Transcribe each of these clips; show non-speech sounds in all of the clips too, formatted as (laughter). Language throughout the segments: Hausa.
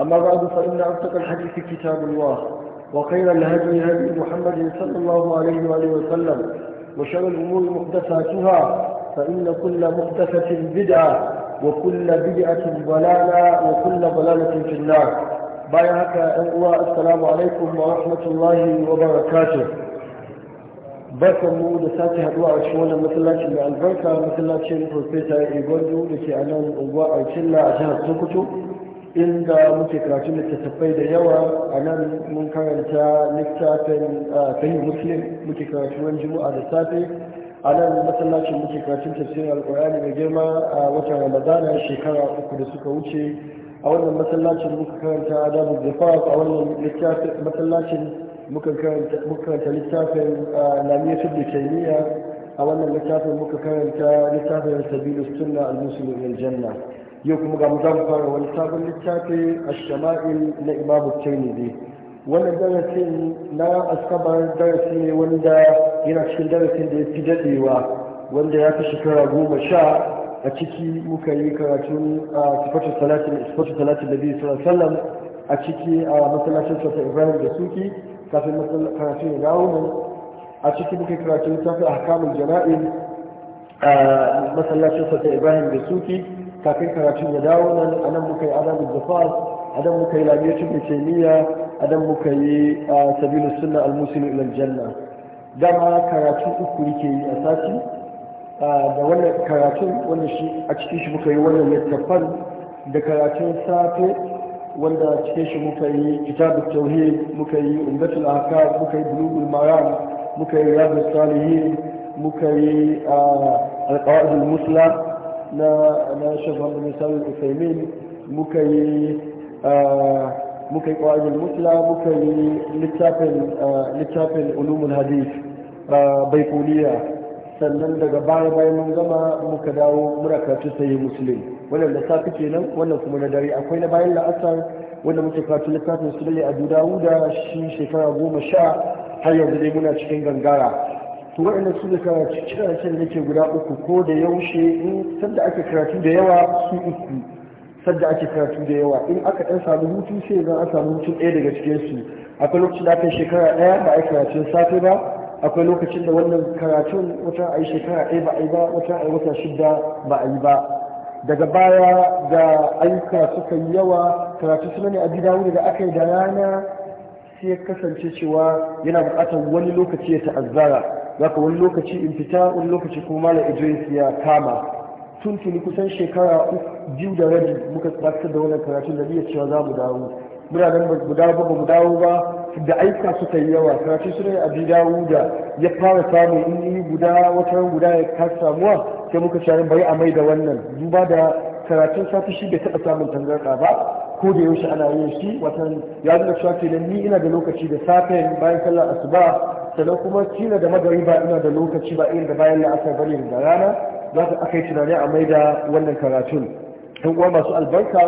أما بعد فإن أصدق الحديث كتاب الله وخير الهدي هدي محمد صلى الله عليه وآله وسلم وشر الأمور محدثاتها فإن كل محدثة بدعة وكل بدعة ضلالة وكل ضلالة في النار بايعك أنقوى السلام عليكم ورحمة الله وبركاته بس mu da هدوء haduwa مثل cikin wannan masallacin mai albarka masallacin profesa igwandu da ke a nan unguwa a cilla inda muke karatu littattafai da yawa a nan mun karanta littafin sahih muslim muke karatu wani juma'a da safe a nan masallacin muke karatun tafsirin alkur'ani mai girma a watan ramadana shekara uku da suka wuce a wannan masallacin muka karanta adabu zafaf a wannan masallacin muka karanta littafin lamiyatu da taimiyya a wannan littafin muka karanta littafin sabilu sunna al-muslim janna yau kuma ga mu za mu fara wani sabon littafi a shama'il na imamu tirmidhi wannan darasin na asabar darasi ne wanda yana cikin darasin da ya fi dadewa wanda ya fi shekara goma sha a ciki muka yi karatun a sifatu salatin sifatu da biyu sallallahu sallam a ciki a masallacin sassa ibrahim da suki kafin karatun ya dawo nan a ciki muka yi karatun a ahkamul jana'in a masallacin sassa ibrahim da suki kafin karatun ya dawo nan a nan muka yi adamu zafas a nan muka yi lamiyacin mutumiyya a nan muka yi a sabilu sunna almusulun ilal janna dama karatun uku yake yi a sati da wannan karatun wanda shi a cikin shi muka yi wannan littattafan da karatun safe wanda cikin shi muka yi kitabut tauhid muka yi umdatul ahkam muka yi bulugul maram muka yi riyadus salihin muka yi alqawaidul musla na na shafa samun usaimin muka yi ah, muka yi ƙwajin mutla muka yi littafin ah, ulumul ah, sannan daga baya bayan mun gama muka dawo muna karatu sayi muslim wannan da safi kenan wannan kuma na dare akwai na bayan la'asar wanda muke karatu littafin sulai a da shi shekara goma sha har yanzu dai muna cikin gangara to waɗanda su da karatu da ke guda uku ko da yaushe in sadda ake karatu da yawa su uku sadda ake karatu da yawa in aka ɗan samu hutu sai zan an samu hutu ɗaya daga cikin su akwai lokacin da aka shekara ɗaya ba a yi karatun safe ba akwai lokacin da wannan karatun wata a yi shekara ɗaya ba a yi ba wata a yi wata shida ba a yi ba daga baya ga ayyuka suka yi yawa karatu suna ne a gida wuri da aka yi da rana sai ya kasance cewa yana buƙatar wani lokaci ya ta'azzara za ka wani lokaci in fita wani lokaci kuma mala idris ya kama tun tuni kusan shekara biyu da rabi muka tsakar da wannan karatun da biya cewa za mu dawo muna nan ba mu dawo ba mu dawo ba da aika suka yi yawa karatu suna abi dawo da ya fara samun in yi guda wata guda ya kasa samuwa sai muka sharin bari a mai da wannan duba da karatun sati shi bai taɓa samun tangarɗa ba ko da yaushe ana yin shi watan ya nuna cewa kenan ni ina da lokaci da safe bayan sallar asuba sannan kuma cina da magariba ina da lokaci ba irin da bayan la'asar bane da rana za ka aka yi tunani a maida wannan karatun yan uwa masu albarka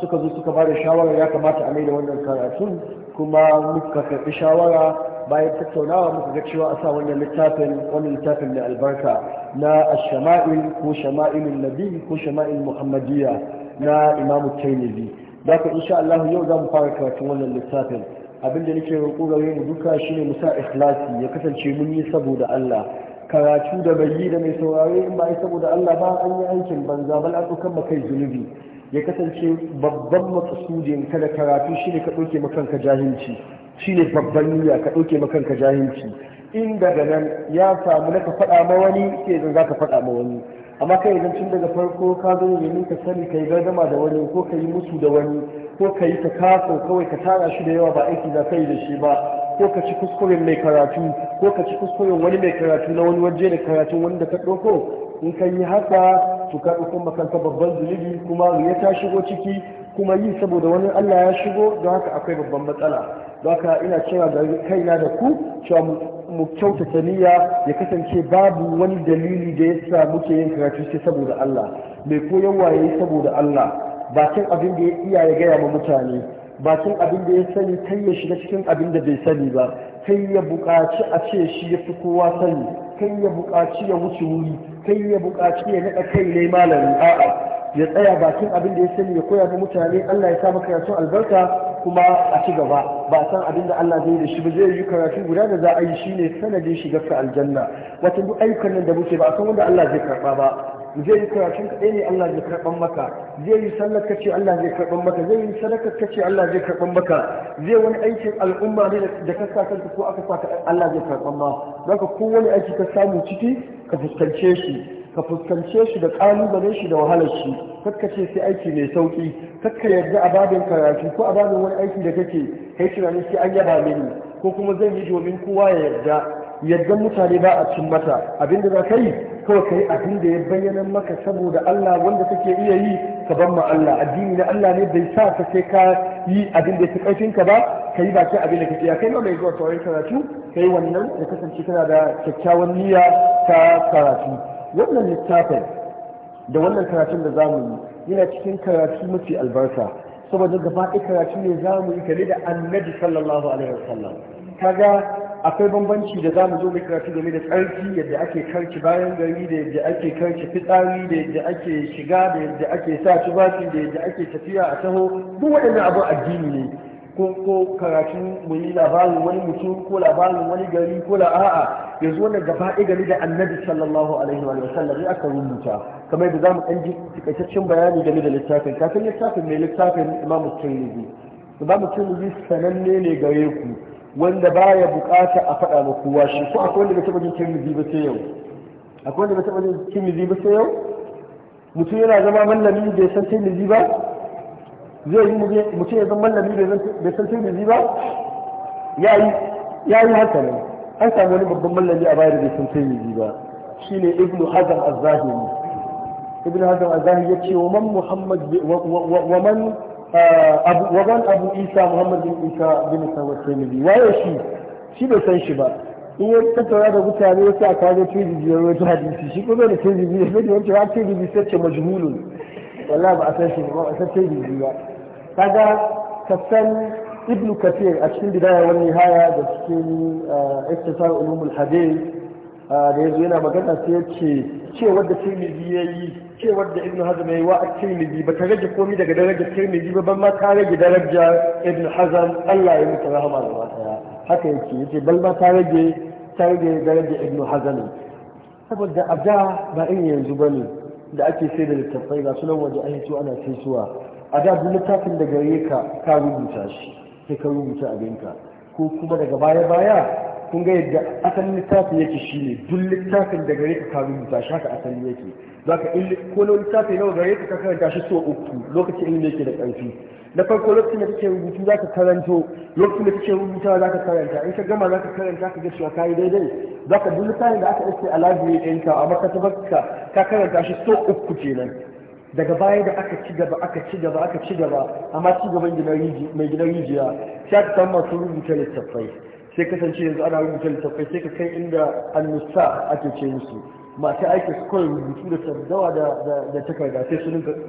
suka zo suka bada shawara ya kamata a maida wannan karatun kuma muka karɓi shawara bayan tattaunawa muka ga cewa a sa wannan littafin wannan littafin mai albarka na ashama'il ko shama'il nabi ko shama'il muhammadiyya na imamu taimizi da insha Allah yau za mu fara karatun wannan littafin da nake roƙo gare mu duka shine mu sa ikhlasi ya kasance mun yi saboda Allah karatu da bayi da mai saurare in ba yi saboda Allah ba an yi aikin banza bal an dukan kai zunubi ya kasance babban maksudin kada karatu shine ka ɗauke makanka jahilci shine babban niyya ka ɗauke makanka jahilci in daga nan ya samu naka faɗa ma wani sai zan za faɗa ma wani amma kai idan tun daga farko ka zo ne domin ka sani kayi gargama gardama da wani ko ka yi musu da wani ko ka yi ta kaso kawai ka tara shi da yawa ba aiki za ka yi da shi ba ko ka ci kuskuren mai karatu ko ka ci kuskuren wani mai karatu na wani waje da karatun wani da ka ɗauko in ka yi haka to ka ɗauko makanta babban zunubi kuma ya ta shigo ciki kuma yi saboda wani Allah ya shigo don haka akwai babban matsala baka ina cewa ga kaina da ku cewa mu kyautata niyya ya kasance babu wani dalili da yasa muke yin karatu sai saboda Allah mai koyarwa yayi saboda Allah Ba cin abin da ya iya ya gaya ma mutane ba cin abin da ya sani kai ya shiga cikin abin da bai sani ba kai ya buƙaci a ce shi ya fi kowa sani kai ya buƙaci ya wuce wuri kai ya buƙaci ya naɗa kai ne malami a'a ya tsaya bakin abin da ya sani ya koya ma mutane Allah ya sa maka yaso albarka kuma a ci gaba ba san abin da Allah zai da shi ba zai yi karatu guda da za a yi shi ne sanadin shigar ka aljanna wato duk ayyukan nan da muke ba a san wanda Allah zai karba ba zai yi karatun kaɗai ne Allah zai karɓan maka zai yi sallar ce Allah zai karɓan maka zai yi sadakar ce Allah zai karɓan maka zai wani aikin al'umma ne da ka sa kanka ko aka sa Allah zai karɓan ma zaka kowane aiki ka samu ciki ka fuskance shi ka fuskance shi da kalubalen shi da wahalar shi kakka ce sai aiki mai sauki kakka yarda a babin karatu ko a babin wani aiki da kake kai tunanin sai an yaba mini ko kuma zai yi domin kowa ya yarda yadda mutane ba a cin mata abinda za ka yi kawai ka yi abin da ya bayyana maka saboda Allah wanda kake iya yi ka ban ma Allah addini na Allah ne bai sa ka sai ka yi abin da ya fi karfin ka ba ka yi bakin abin da kake ya kai ma mai zuwa tsawon karatu kai wannan ya kasance kana da kyakkyawan niyya ta karatu wannan littafin da wannan karatun da zamu yi yana cikin karatu mafi albarka saboda gaba ɗaya karatu ne mu yi kare da annabi sallallahu alaihi wasallam kaga akwai bambanci da zamu zo mai karatu game da tsarki yadda ake karci bayan gari da yadda ake karci fitsari da yadda ake shiga da yadda ake sa tufafi da yadda ake tafiya a taho duk waɗannan abin addini ne ko karatun mu yi labarin wani mutum ko labarin wani gari ko la a'a ya zo na gaba ɗaya gari da annabi sallallahu alaihi wa sallam ya aka rubuta kamar da mu ɗan ji cikakken bayani game da littafin kafin littafin mai littafin imam tirmidhi imam tirmidhi sananne ne gare ku wanda baya bukata a faɗa ma kowa shi ko akwai wanda bai taɓa jin tirmidhi ba sai yau akwai wanda bai taɓa jin tirmidhi ba sai yau mutum yana zama mallami bai san tirmidhi ba zai yi mutum ya zan mallami bai san tirmizi ba ya yi hankali an samu wani babban mallami a baya da bai san tirmizi ba shine ibnu hazan az ibn ibnu hazan azahiri ya ce wa man muhammad wa man ah, abu wa man abu isa muhammad bin isa bin sawat tirmizi waye shi shi bai san shi ba in ya tattara da mutane ya sa kawo tirmizi ya wata hadisi shi kuma da tirmizi ya fadi wancan tirmizi sai ce majhulun wallahi ba a san shi ba a san tirmizi ba kaga kasan ibnu kafir a cikin bidaya wani nihaya da cikin eh, iktisar ulumul hadith eh, da yanzu yana magana sai ya ce ce wadda tirmidhi ya yi ce wadda ibnu hazm ya yi wa a tirmidhi ba ta rage komai daga daraja tirmidhi ba ban ma ta rage daraja ibnu hazm Allah ya mutu rahama da wata haka yake yace bal ma ta rage ta rage daraja ibnu hazm saboda abda ba in yanzu bane da ake sai da littattafai ga sunan waje an hito ana sai suwa a da duk littafin da gare ka ka rubuta shi sai ka rubuta ka ko kuma daga baya baya kun ga yadda asalin littafin yake shine duk littafin da gare ka ka rubuta shi haka asali yake ka ilmi ko na littafi nawa gare ka karanta shi so uku lokaci ilmi yake da ƙarfi na farko lokacin da kake rubutu za ka karanto lokacin da kake rubuta za ka karanta in ka gama za ka karanta ka ga cewa kai daidai zaka duk littafin da aka dace a library ka a baka ka karanta shi so uku kenan daga baya da aka ci gaba aka ci gaba aka ci gaba amma ci gaban mai gidan rijiya sai ka samu masu rubuta littattafai sai kasance yanzu ana rubuta littattafai sai ka kai inda annusa ake ce musu masu aiki su kawai rubutu da sardawa da takarda sai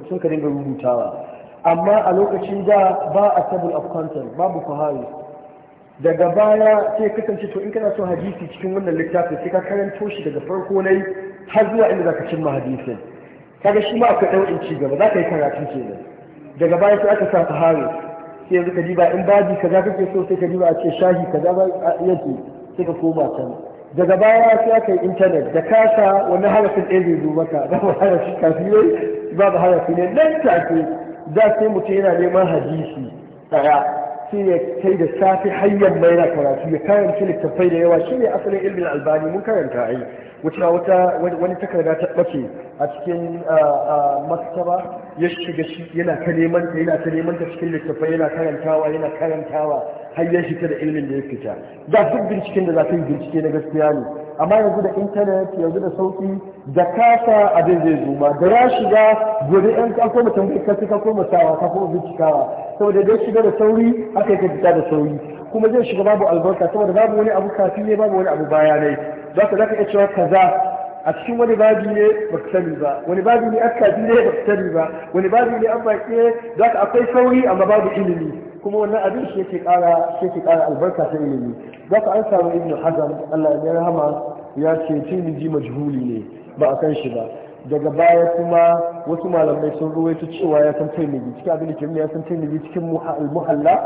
sun ka dinga rubutawa amma a lokacin da ba a table of content babu fahari daga baya sai kasance to in kana so hadisi cikin wannan littafin sai ka karanto shi daga farko nai har zuwa inda zaka cimma hadisin kaga shi ma akwai ɗaurin ci gaba zaka yi karatu kenan daga baya sai aka sa fahari sai yanzu ka diba in baji kaza kake so sai ka diba a ce shahi kaza yake sai ka koma can daga baya sai aka yi intanet da kasa wani harafin ɗaya zai zo maka da (laughs) ba harafi kafi ne ba ba harafi ne nan take sai mutum yana neman hadisi ɗaya sai ya kai da safi hayyan mai na karatu ya karanta littattafai da yawa shi ne asalin ilmin albani mun karanta ai wuce wata wani takarda ta ɓace a cikin maktaba ya shiga yana ta neman ta yana ta neman ta cikin littattafai yana karantawa yana karantawa har ya shiga da ilimin da ya fita da duk binciken da za ka yi bincike na gaskiya ne amma yanzu da intanet yanzu da sauki da kasa abin zai zo ma da ya shiga gobe yan ka koma tambayi ka ka koma sawa ka koma bincikawa saboda da shiga da sauri aka yi fita da sauri kuma zai shiga babu albarka saboda babu wani abu kafin ne babu wani abu baya ne za ka zaka iya cewa kaza a cikin wani babi ne ba ka sani ba wani babi ne aka kafi ne ba ka sani ba wani babi ne an baƙe ne za ka akwai sauri amma babu ilimi kuma wannan abin shi yake kara shi yake kara albarka ta ilimi zaka an samu ibnu hazm Allah ya rahama ya ce ji majhuli ne ba a kan shi ba daga baya kuma wasu malamai sun ruwaito cewa ya san tirmidhi cikin abin da ke ya san tirmidhi cikin muhalla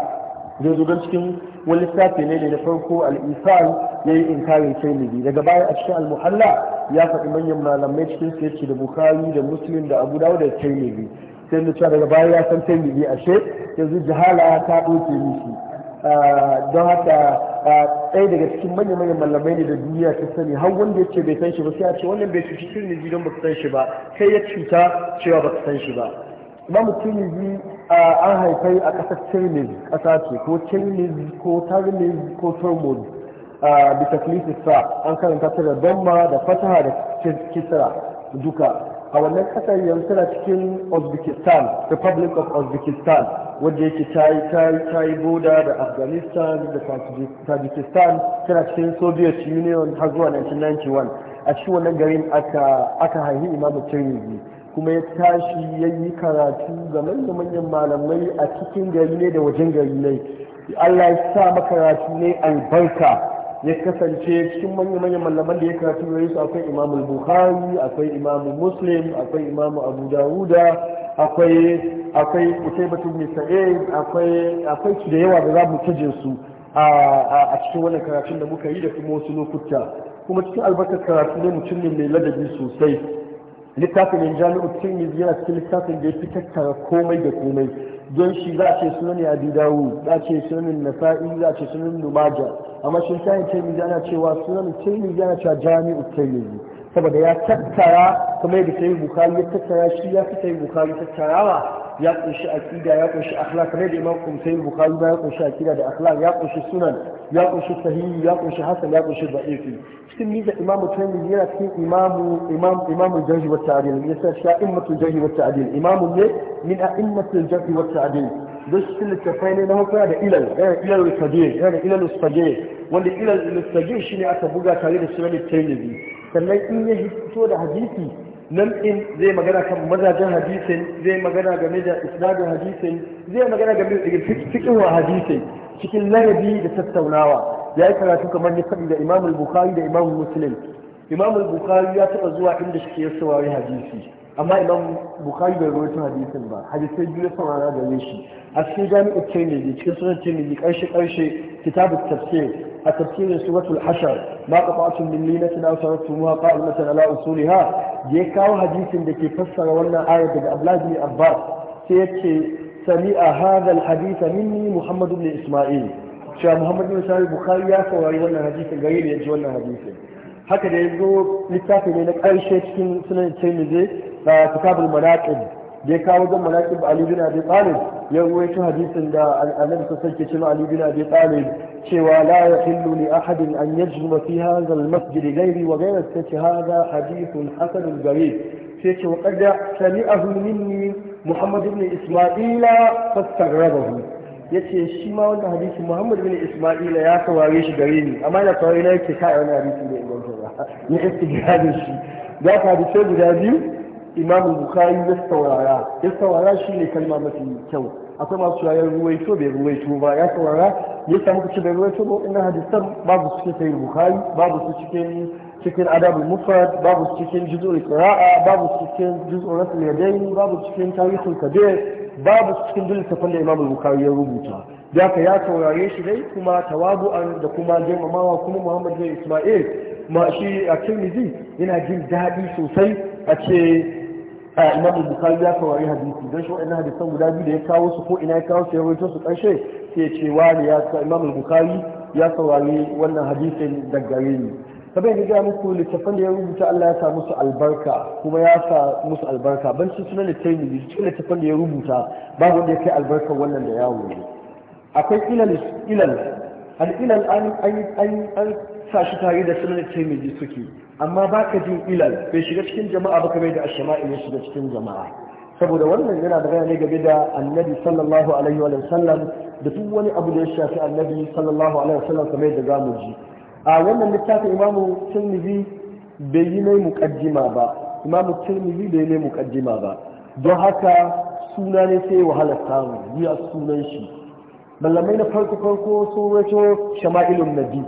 zai zo don cikin wani lissafi ne da farko al-isal ya yi inkarin tirmidhi daga baya a cikin al-muhalla ya faɗi manyan malamai cikin su yace da bukhari da muslim da abu dawud da tirmidhi sai mu cewa daga baya ya san tambayi ashe yanzu jahala ta ɗauke mishi ah, don haka ah, ɗaya daga cikin manyan manyan malamai ne da duniya ta sani har wanda ya ce bai san shi ba sai a ce wannan bai cuci tirmidhi don ba san shi ba sai ya cuta cewa ba san shi ba imam tirmidhi ah, an haifai a ƙasar tirmidhi ƙasa ce ko tirmidhi ko tirmidhi ko turmud bisa an karanta ta da damma da fataha da kisra duka a wannan kasar yanzu tana cikin uzbekistan republic of uzbekistan wadda yake ta yi boda da afghanistan da tajikistan tana cikin soviet union har zuwa 1991 a cikin wannan garin aka haihi imamu tirmidhi kuma ya tashi ya yi karatu ga manyan malamai a cikin gari ne da wajen gari ne Allah ya sa makaratu ne albarka ya kasance cikin manya-manyan malaman da ya karatu yi su akwai imamu bukhari akwai imamu muslim akwai imamu abu dawuda akwai akwai usaibatu bin akwai akwai su da yawa da za mu kije su a cikin wannan karatun da muka yi da kuma wasu lokuta kuma cikin albarkar karatu ne mutum ne mai ladabi sosai littafin in jami'u yanzu yana cikin littafin da ya fi tattara komai da komai don shi za a ce sunan abi dawud za a ce sunan nasa'i za a ce sunan numaja amma shi sayin tirmidhi ana cewa sunan tirmidhi yana cewa jami'u tirmidhi saboda ya tattara kuma yadda sai bukari ya tattara shi ya fi sai bukari tattarawa ya kunshi aqida ya kunshi akhlaq kamar da imam kumsai bukhari ba ya kunshi aqida da akhlaq ya kunshi sunan ya kunshi sahihi ya kunshi hasan ya kunshi da'ifi cikin miza imam tirmidhi yana cikin imam imam imam jahhi wa ta'dil yasa sha'immatu jahhi wa ta'dil imam ne min a'immatil jahhi wa ta'dil duk cikin littafai ne na hukuma da ilal yana ilal sabir yana ilal sabir wanda ilal sabir shine aka buga tare da sunan tirmidhi sannan in ya fito da hadisi nan in zai magana kan mazajen hadisin zai magana game da isnadin hadisin zai magana game da cikin wa hadisin cikin larabi da tattaunawa ya yi karatu kamar ya da imam bukhari da imam muslim imam bukhari ya taɓa zuwa inda shi ya saurari hadisi amma imam bukhari bai rawaito hadisin ba hadisai biyu ya saurara da shi a cikin jami'ar tirmidhi cikin sunan tirmidhi karshe karshe كتاب التفسير التفسير سورة الحشر ما قطعتم من لينة أو تركتموها قائمة على أصولها يكاو حديث التي فسر ولنا آية بأبلاد بن عباس سيأتي سمع هذا الحديث مني محمد بن إسماعيل cewa Muhammad bin Sahih Bukhari ya saurari wannan hadisin gari ni yaji wannan hadisin haka da yazo littafi ne na karshe cikin sunan a Kitabul Manaqib da kawo zan malakin ba Ali bin Abi Talib ya ruwaito hadisin da annabi ta sake cewa Ali bin Abi Talib cewa la yahillu li ahadin an yajma fi hadha al-masjid ghairi wa ghayra sai hadha hadithun hasan gharib sai ce wa qad sami'ahu minni Muhammad ibn Isma'ila fastaghrabahu yace shi ma wannan hadisi Muhammad ibn Isma'ila ya kaware shi gare ni amma da kawai na yake kai wannan hadisi (laughs) da ibn Jarir ne istijabin shi za ka hadisi guda biyu imam bukari ya saurara ya saurara shi ne kalma mafi kyau akwai masu yayar ruwaito bai ruwaito ba ya saurara ya samu kace bai ruwaito ba ina hadisan babu su cikin sahih bukari babu su cikin cikin adabul mufrad babu su cikin juz'ul qira'a babu su cikin juz'ul rasul yadayn babu su cikin tarihul kabir babu su cikin dukkan safan da imamu bukari ya rubuta da ya saurare shi dai kuma an da kuma girmamawa kuma muhammad bin isma'il ma shi a tirmidhi yana jin daɗi sosai a ce a imam bukari ya kawari hadisi don shi waɗannan hadisan guda biyu da ya kawo su ko ina ya kawo su ya rawaito su ƙarshe sai ce ne ya sa imam bukari ya saurari wannan hadisin da gare ni kamar yadda ga muku littafan da ya rubuta Allah ya sa musu albarka kuma ya sa musu albarka ban su sunan littafin da littafan da ya rubuta ba wanda ya kai albarkar wannan da yawo ne akwai ilal ilal al ilal an an an sa shi tare da sunan littafin da suke amma ba ka jin ilal bai shiga cikin jama'a ba ka bai da ashama'i ya shiga cikin jama'a saboda wannan yana da ne game da annabi sallallahu alaihi wa sallam da duk wani abu da ya shafi annabi sallallahu alaihi wa sallam kamar da zamu ji a wannan littafin imamu tirmidhi bai yi mai muqaddima ba imamu tirmidhi bai yi mai muqaddima ba don haka suna ne sai wahala samu ya sunan shi malamai na farko farko sun rato shama'ilun nabi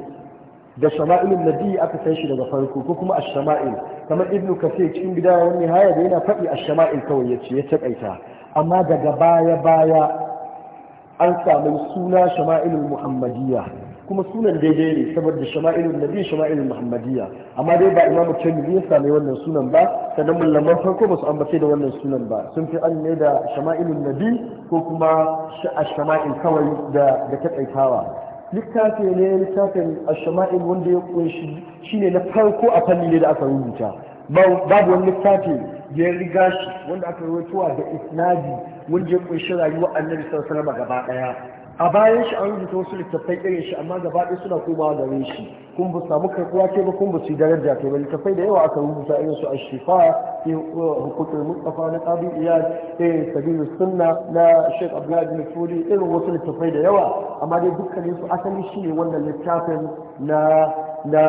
da shama'ilin nabi aka san shi daga farko ko kuma ash-shama'il kamar ibnu kasir cikin gida wani haya da yana faɗi ash-shama'il kawai yace ya takaita amma daga baya baya an samu suna shama'ilul muhammadiyya kuma sunan daidai ne saboda shama'ilul nabi shama'ilul muhammadiyya amma dai ba imamu tirmidhi ya same wannan sunan ba sannan mullaman farko ba su ambace da wannan sunan ba sun fi an ne da shama'ilul nabi ko kuma ash-shama'il kawai da da takaitawa littafi ne littafin ashama'il wanda ya kunshi shine na farko a fanni ne da aka rubuta babu wani littafi da ya riga shi wanda aka rubuta da isnadi wanda ya kunshi rayuwar annabi sallallahu alaihi wasallam gaba daya a bayan shi an rubuta wasu littattafai irin shi amma gaba ɗaya suna komawa gare shi kun ba samu karɓuwa ce ba kun ba su daraja to ba littattafai da yawa aka rubuta irin su ashifa sai uh, hukutar mustafa na qabil iyad irin sabirin sunna na sheikh abdullahi bin fuli irin wasu littattafai da yawa amma dai dukkanin su asali ne wannan littafin na na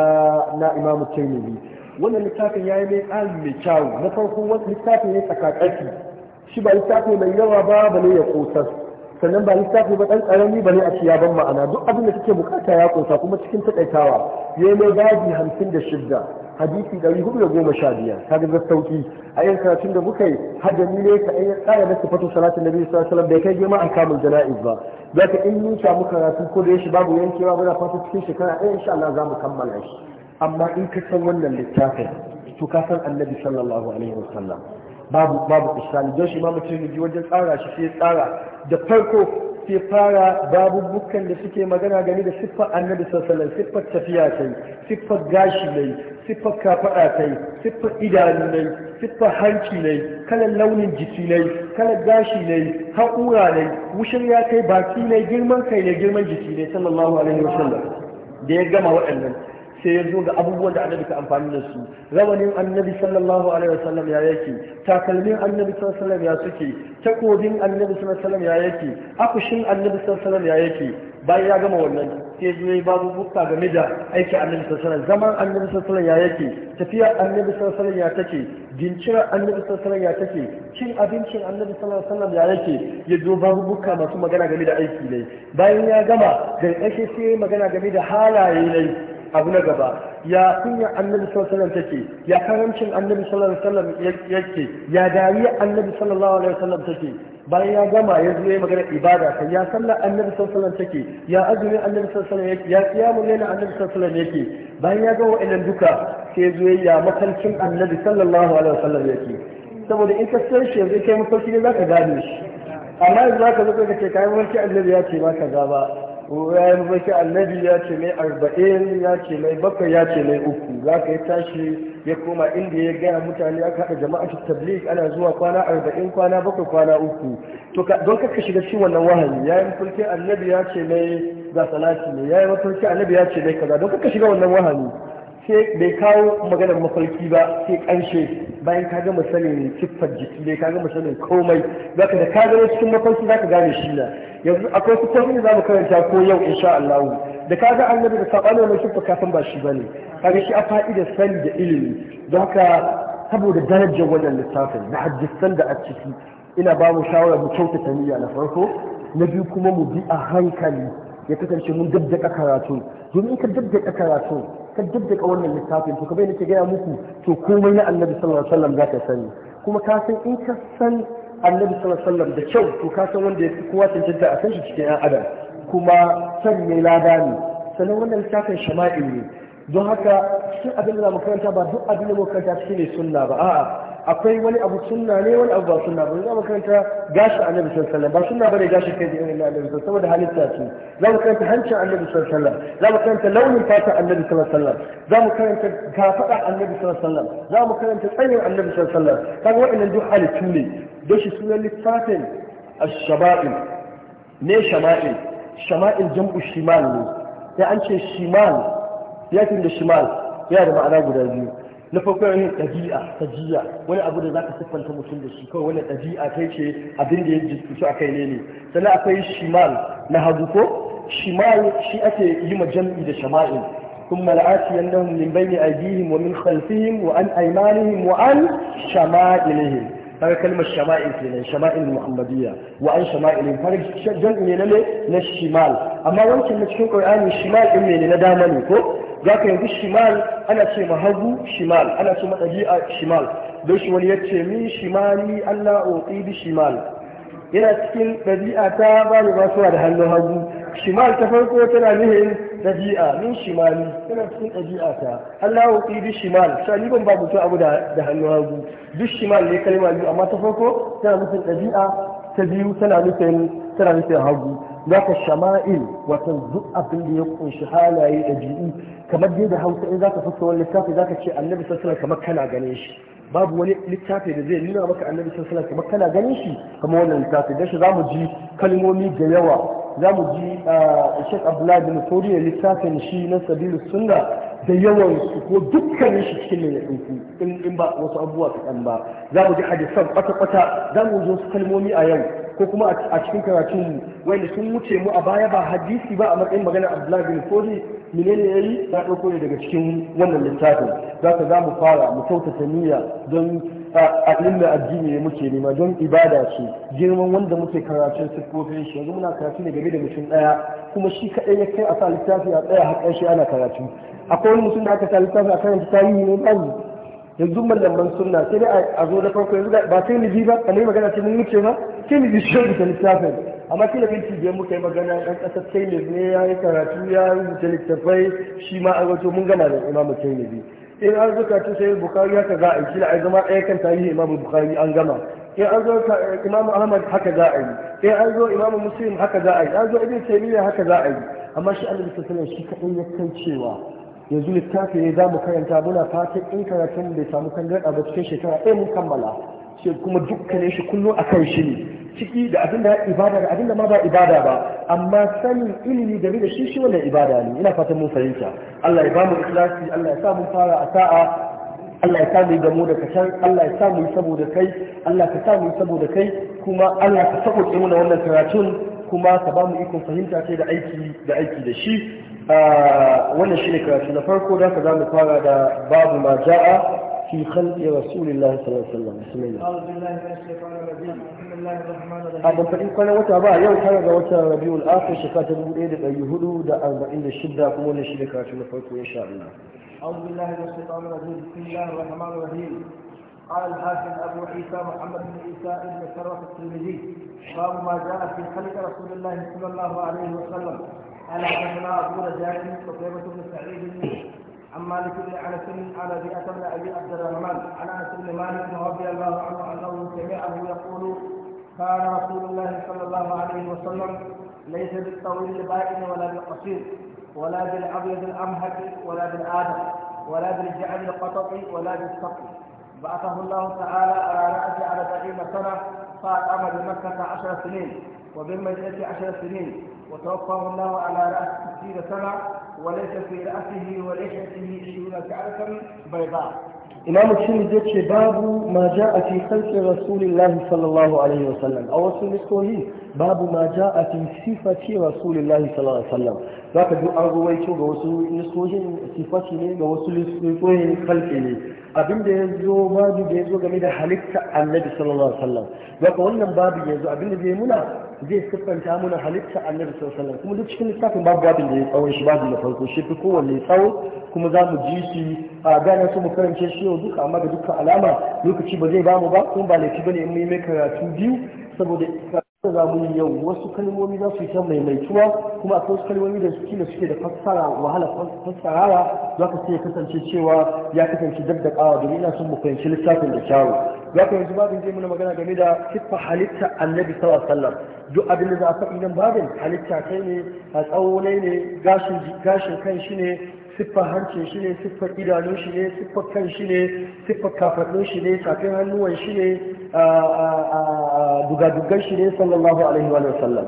na imam tirmidhi wannan littafin yayi mai tsari mai kyau na farko wannan littafin ne tsakatsaki shi ba littafin mai yawa ba bane ya kosar sannan ba lissafi ba ɗan ƙarami ba ne a ciya ban ma'ana duk abin da kake bukata ya ƙunsa, kuma cikin takaitawa yayi mai da shidda hadisi 415 hudu da goma biyar. sauƙi. a yin karatun da muka yi hadani ne ka ayyar tsara da sifatu salatin nabi sallallahu alaihi wasallam bai kai gema a kamun jana'iz ba zaka in mun samu karatu ko da yashi babu yankewa muna fata cikin shekara ɗaya insha Allah za mu kammala shi amma in ka san wannan littafin to ka san annabi sallallahu alaihi wasallam babu babu ishali don shi wajen tsara shi sai tsara da farko sai fara babu bukkan da suke magana gani da siffar annabi sallallahu alaihi wasallam siffar tafiya sai siffar gashi ne siffar kafada sai siffar idanu ne siffar hanci ne kalan launin jiki ne kalan gashi ne haƙura ne wushin ya kai baki ne girman kai ne girman jiki ne sallallahu alaihi wasallam da ya gama waɗannan sai ya zo ga abubuwan da annabi ka amfani da su rawanin annabi sallallahu alaihi wasallam ya yake takalmin annabi sallallahu alaihi wasallam ya suke takobin annabi sallallahu alaihi wasallam ya yake akushin annabi sallallahu alaihi wasallam ya yake bayan ya gama wannan sai zo ya babu bukka game da aikin annabi sallallahu alaihi wasallam zaman annabi sallallahu alaihi wasallam ya yake tafiya annabi sallallahu alaihi wasallam ya take gincirar annabi sallallahu alaihi wasallam ya take cin abincin annabi sallallahu alaihi wasallam ya yake ya zo babu bukka masu magana game da aiki ne bayan ya gama da ƙarshe sai magana game da halaye ne abu na gaba ya kunya annabi sallallahu alaihi take ya karamcin annabi sallallahu alaihi yake ya dariya annabi sallallahu alaihi take bayan ya gama ya zo ya magana ibada kan ya sallar annabi sallallahu alaihi take ya azumin annabi sallallahu alaihi yake ya qiyamul layl annabi sallallahu alaihi yake bayan ya gama wa'annan duka sai zo ya makalcin annabi sallallahu alaihi wasallam yake saboda in ka san shi yanzu kai mafarki ne zaka gane shi amma yanzu zaka zo ka ce kai mafarki annabi ya ce ma kaza ba ya yi mafarki annabi ya ce mai arba'in ya ce mai bakwai ya ce mai uku za ka yi tashi ya koma inda ya gaya mutane aka haɗa jama'a ta tablik ana zuwa kwana arba'in kwana bakwai kwana uku to don kaka shiga cikin wannan wahayi ya yi mafarki annabi ya ce mai ga salati ne ya yi mafarki annabi ya ce mai kaza don kaka shiga wannan wahayi sai bai kawo maganar mafarki ba sai kanshe bayan ka gama sanin siffar jiki bai ka gama sanin komai zaka da ka gano cikin mafarki zaka gane shi na yanzu akwai su kofin za mu karanta ko yau insha Allah da ka ga annabi da sabani wannan siffa kafin ba shi bane kaga shi a fa'ida sani da ilimi don haka saboda darajar wannan littafin na hadisan da a ciki ina ba mu shawara mu kyautata niyya na farko na biyu kuma mu bi a hankali ya kasance mun daddaka karatu domin ka daddaka karatu ka daddaka wannan littafin to ka bai nake gaya muku to komai na annabi sallallahu alaihi wasallam za sani kuma ka san in ka san annabi sallallahu alaihi wasallam da kyau to ka san wanda ya fi kowa cancanta a san shi cikin yan adam kuma san mai lada ne sannan wannan littafin shama'il ne don haka cikin abin da mu karanta ba duk abin da muka karanta shi ne sunna ba a'a akwai wani abu sunna ne wani abu ba sunna ba za mu karanta gashi annabi sallallahu alaihi ba sunna bane gashi kai da irin annabi sallallahu saboda halitta ce za mu karanta hancin annabi sallallahu alaihi za mu karanta launin fata annabi sallallahu alaihi za mu karanta kafada annabi sallallahu alaihi za mu karanta tsayin annabi sallallahu alaihi wasallam kaga wa'annan duk halittu ne da shi sunan littafin ash-shama'il ne shama'il shama'il jam'u shimal ne sai an ce shimal yakin da shimal yana da ma'ana guda biyu na farko ne ɗabi'a tajiya wani abu da za ka siffanta mutum da shi kawai wani ɗabi'a kai ce abin da ya jiskutu a kai ne ne sannan akwai shimal na hagu ko shimal shi ake yi ma jam'i da shama'il ثم لآتينهم من بين أيديهم ومن خلفهم وعن أيمانهم وعن شمائلهم kaga kalmar shama'il kenan shama'il muhammadiyya wa an shama'il kaga jam'i ne na na shimal amma wancan na cikin qur'ani shimal din ne na dama ne ko za ka yanzu shimal ana ce ma hagu shimal ana ce ma ɗabi'a shimal don shi wani ya ce min shimali Allah oƙi bi shimal yana cikin ɗabi'a ta ba ni basuwa da hannun hagu shimal ta farko tana nihin ɗabi'a min shimali tana cikin ɗabi'a ta Allah oƙi bi shimal shani ban ba mutum abu da hannun hagu duk shimal ne kalma biyu amma ta farko tana nufin ɗabi'a ta biyu tana nufin tana nufin hagu zaka shama'il wata duk abin da ya kunshi halaye ɗabi'u kamar dai da hausa in zaka fassara wani littafi zaka ce annabi sallallahu kamar kana ganin shi babu wani littafi da zai nuna maka annabi sallallahu kamar kana ganin shi kamar wannan littafi da shi mu ji kalmomi da yawa zamu ji ah, Sheikh Abdullah bin Saudi littafin shi na Sabilus Sunna da yawan su ko dukkanin shi cikin ne ya ɗauku in ba wasu abubuwa kaɗan ba za mu ji hadisan kwata-kwata za mu zo su kalmomi a yau ko kuma a cikin karatun mu wanda sun wuce mu a baya ba hadisi ba a matsayin magana Abdullahi bin fori menene yayi na ɗauko ne daga cikin wannan littafin za ka za mu fara mu kyautata niyya don a ilimin addini ne muke nema don ibada ce girman wanda muke karatun siffofin shi yanzu muna karatu ne game da mutum ɗaya kuma shi kaɗai ya kai a sa littafi a tsaya har shi ana karatu akwai musu mutum da aka sa a a ta tarihi ne ba zu zumar lambar sunna sai dai a zo da farko yanzu ba sai ni ba mai magana ce mun wuce ba sai ni shi da littafin amma kila kan cibiyar muka yi magana ɗan ƙasa tailiz ne ya yi karatu ya yi wuce littafai shi ma a wato mun gana da imamu tailizi in an zuka ta sai bukari haka za a yi kila a zama ɗaya kan tarihi imamu bukari an gama in an zo imamu ahmad haka za a yi in an zo imamu muslim haka za a yi an zo ibn taymiya haka za a yi amma shi annabi sallallahu alaihi wasallam shi kaɗai ya kai cewa yanzu littafi ne za mu karanta muna fatan in karatun bai samu kan gada ba cikin shekara ɗaya mun kammala shi kuma dukkanin shi kullum a kan shi ne ciki da abin da ibada da abin da ma ba ibada ba amma sanin ilimi game da shi shi wannan ibada ne ina fatan mun fahimta Allah ya bamu ikhlasi Allah ya sa fara a sa'a Allah ya samu gamo da kashan Allah ya samu saboda kai Allah ka samu saboda kai kuma Allah ka sako wannan karatun kuma ka bamu ikon fahimta sai da aiki da aiki da shi wannan shi ne karatu na farko da ka zama fara da babu ma ja'a في خلق رسول الله صلى الله عليه وسلم بسم الله أعوذ بالله من الشيطان الرجيم بسم الله الرحمن الرحيم آه، يوم wata Rabiul Akhir shekara ta 1400 da 46 kuma wannan shi da karatu na farko insha Allah أعوذ بالله من الشيطان الرجيم بسم الله الرحمن الرحيم قال الحاكم أبو عيسى محمد بن عيسى بن شرف الترمذي باب ما جاء في خلق رسول الله صلى الله عليه وسلم قال حدثنا ابو نجاح وقيمة بن سعيد عن مالك بن انس عن ابي اسلم ابي عبد الرحمن عن انس بن مالك رضي الله عنه انه سمعه يقول كان رسول الله صلى الله عليه وسلم ليس بالطويل بائن ولا بالقصير ولا بالابيض الامهك ولا بالادم ولا بالجعل القطط ولا بالسقي بعثه الله تعالى على رأس على سبعين سنة فأقام بمكة عشر سنين وبين مجلس عشر سنين وتوفاه الله على رأس ستين سنة وليس في رأسه ولحيته عشرون كعكة بيضاء إمام الترمذي باب ما جاء في خلق رسول الله صلى الله عليه وسلم أو رسول الصحيح باب ما جاء في صفة رسول الله صلى الله عليه وسلم ذاك دو أرغويته بوسو نسوه صفته بوسو نسوه خلقه abin da ya zo babu da ya zo game da halitta annabi sallallahu alaihi wasallam daga wannan babu ya zo abin da zai muna zai siffanta muna halitta annabi sallallahu alaihi wasallam kuma duk cikin lissafin babu babin da ya tsawon shi babu na farko shi fi kowanne tsawo kuma za mu ji shi a gane su mu karance shi yau duka amma da dukkan alama lokaci ba zai bamu ba kuma ba laifi ne in mu yi mai karatu biyu saboda da za mu yi yau wasu kalmomi za su yi ta maimaituwa kuma akwai wasu kalmomi da suke da suke da fassara wahala fassarawa za ka sai kasance cewa ya kasance dab da kawa domin ina son mu fahimci littafin da kyawu za ka yanzu babin zai muna magana game da siffa halitta annabi sallallahu alaihi wasallam duk abin da za a faɗi nan babin halitta kai ne a tsawo ne gashin gashin kan shi ne siffar harshe shi ne siffar idanun shi ne siffar kan shi ne siffar kafaɗin shi ne tafin hannuwan shi ne dugadugan shi ne sallallahu alaihi wa sallam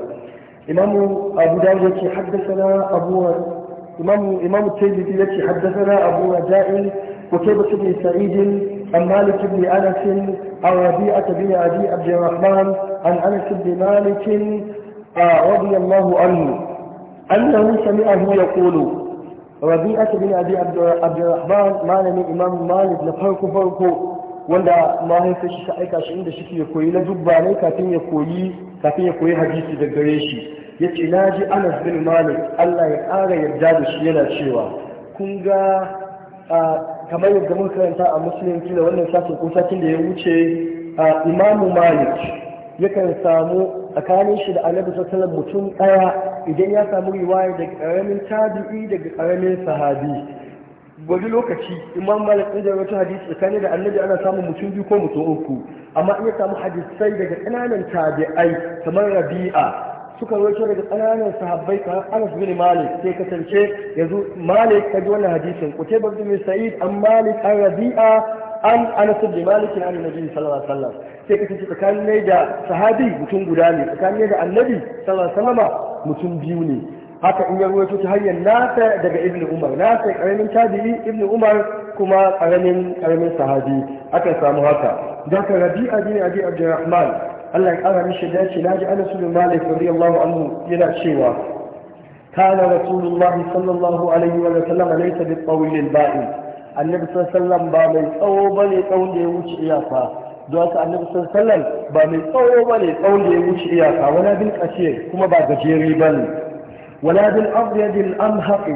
imamu abu dawud yace haddathana abu imamu imamu tirmidhi yace haddathana abu raja'i وكيف بن سعيد عن مالك بن انس عن ربيعه بن ابي عبد الرحمن عن انس بن مالك رضي الله عنه انه سمعه يقول rabi'atu bin abi abdurrahman malamin imam malik na farko farko wanda mahaifin shi ta aika shi inda shi ya koyi na dubba ne kafin ya koyi kafin ya koyi hadisi da gare shi yace na ji anas bin malik Allah ya ƙara yarda da shi yana cewa kun ga kamar yadda mun karanta a musulunci da wannan satin ko satin da ya wuce imamu malik yakan samu tsakanin shi da annabi sallallahu mutum ɗaya idan ya samu riwaya daga karamin tabi'i daga karamin sahabi wani lokaci imam malik ɗin da wata hadisi tsakanin da annabi ana samun mutum biyu ko mutum uku amma in ya samu hadisai daga ƙananan tabi'ai kamar rabi'a suka rawaito daga ƙananan sahabbai kamar Anas bin Malik sai kasance yanzu Malik ka ji wannan hadisin Qutayba bin Sa'id an Malik an Rabi'a an anas bin malik an annabi sallallahu alaihi wasallam sai kasance tsakanin ne da sahabi mutum guda ne tsakanin ne da annabi sallallahu alaihi wasallam mutum biyu ne haka in ya ruwaito ta hanyar nasa daga ibnu umar nasa karamin tabi'i ibnu umar kuma karamin karamin sahabi akan samu haka dan ka rabi'a bin abi abdurrahman Allah ya kara mishi dace naji anas bin malik radiyallahu anhu yana cewa kana rasulullahi sallallahu alaihi wa sallam laysa bi tawil al-ba'id annabi sallallahu ba mai tsawo bane tsawon da ya wuce iyaka don haka annabi sallallahu ba mai tsawo bane tsawon da ya wuce iyaka wala bil qasir kuma ba gajeri bane wala bil abyad al amhaq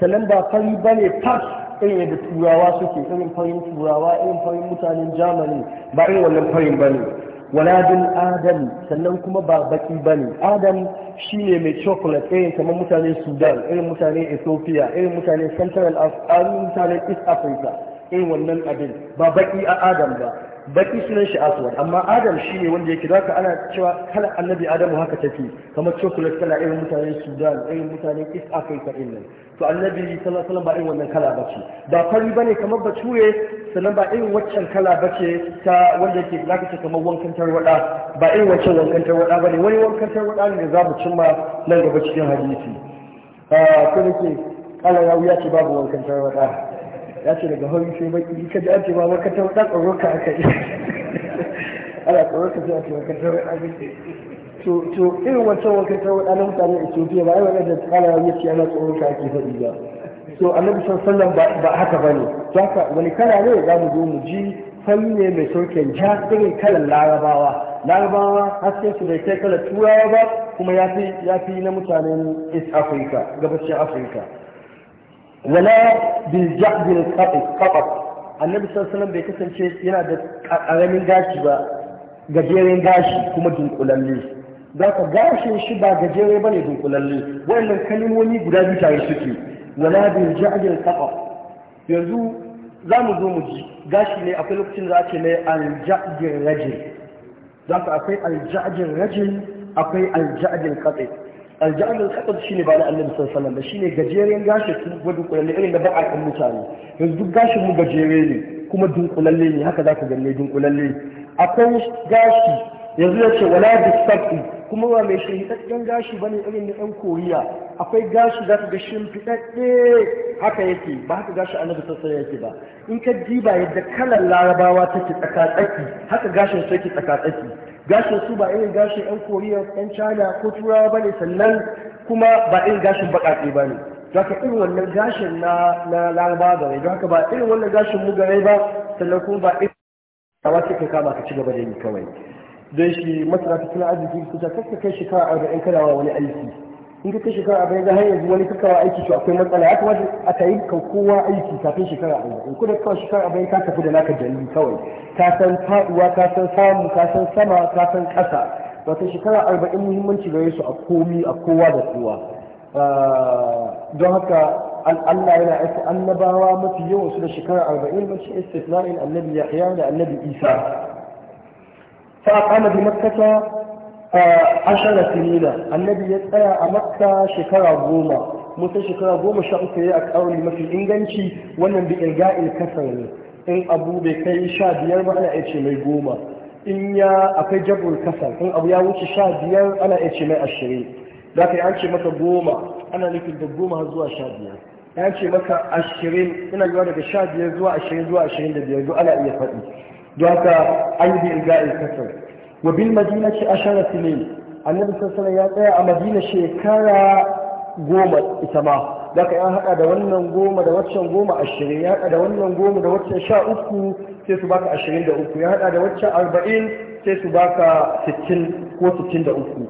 sannan ba fari bane fas irin da turawa suke irin farin turawa irin farin mutanen jamani ba irin wannan farin bane wala bil adam sannan kuma ba baki bane adam Shi ne mai chocolate irin kamar mutane sudan irin mutane ethiopia irin mutane central irin mutane east africa irin wannan abin ba baki a adam ba baki sunan shi aswad amma adam shi ne wanda yake zaka ana cewa kala annabi adamu haka take kamar chocolate kala irin mutanen sudan irin mutanen east africa din nan to annabi sallallahu alaihi ba irin wannan kala bace ba fari bane kamar bature sannan ba irin waccan kala bace ta wanda yake zaka ce kamar wankan tarwada ba irin waccan wankan tarwada bane wani wankan tarwada ne za mu cimma nan gaba cikin hadisi ko ah, nake kala ya wuya ce babu wankan tarwada ya ce daga hori sai baki ka ji ake ba maka ta wadda tsoron ka aka yi ala tsoron ka sai ce maka ta wadda to to irin wancan wanka ta wadda na mutane Ethiopia ba yi wannan da tsala ya ce ana tsoron ka ake faɗi ba to annabi sallan ba haka ba to haka wani kala ne za mu zo mu ji fanni ne mai sauƙin ja irin kalan larabawa larabawa hasken su bai kai kala turawa ba kuma ya fi na mutanen east africa gabashin africa wala bil ja'd al qatf annabi sallallahu bai kasance yana da karamin gashi ba gajeren gashi kuma dunkulalle za ka gashin shi ba gajere ba ne dunkulalle wayannan kalmomi guda biyu tare suke wala bil ja'd al yanzu za mu zo mu ji gashi ne akwai lokacin da ake mai aljajin rajin za ka akwai aljajin rajin akwai aljajin katse aljamin kaɗar shi ne ba na annabi sallallahu alaihi shi ne gajeren gashi sun gwada kullalle irin da ba'a kan mutane yanzu duk gashin mu gajere ne kuma dunkulalle ne haka za ku ganne dunkulalle akwai gashi yanzu ya ce wala bisabi kuma ba mai shimfiɗaɗɗen gashi ba ne irin na ɗan koriya akwai gashi za ka ga shimfiɗaɗɗe haka yake ba haka gashi annabi sallallahu yake ba in ka diba yadda kalar larabawa take tsaka-tsaki haka gashin sai ke tsaka-tsaki gashin su ba irin gashin yan koriya yan china ko turawa ba ne sannan kuma ba irin gashin baƙaƙe ba ne don haka irin wannan gashin na na laraba gare don haka ba irin wannan gashin mu gare ba sannan kuma ba irin a wasu ka kama ka ci gaba da yi kawai don shi masana tattalin arziki kusa kakka kai shekara arba'in kana wa wani aiki in ka kai shekara arba'in da har yanzu wani kakawa aiki to akwai matsala ya kamata a ta yi kowa aiki kafin shekara arba'in ko da kawai shekara arba'in ka tafi da naka jali kawai ka san faduwa ka san samu ka san sama ka san ƙasa wata shekara arba'in muhimmanci gare su a komi a kowa da kowa don haka Allah yana aiki annabawa mafi yawan su da shekara arba'in mace istisna'in annabi yahya da annabi isa fa qama bi makkata ashara sinina annabi ya tsaya a makka shekara goma musa shekara goma sha uku ya a ƙauli mafi inganci wannan bi irga'il kasar ne in abu bai kai sha biyar ba ana ce mai goma in ya akwai jabul kasar in abu ya wuce sha biyar ana ce mai ashirin da kai an ce maka goma ana nufin da goma zuwa sha biyar an ce maka ashirin ina yiwa daga sha biyar zuwa ashirin zuwa ashirin da biyar ana iya faɗi don haka an bi irga'il kasar wa bil madinati ashara sinin annabi sallallahu ya tsaya a madina shekara goma ita ma zaka ya hada da wannan goma da waccan goma ashirin ya hada da wannan goma da waccan sha uku sai su baka ashirin da uku ya hada da waccan arba'in sai su baka sittin ko sittin da uku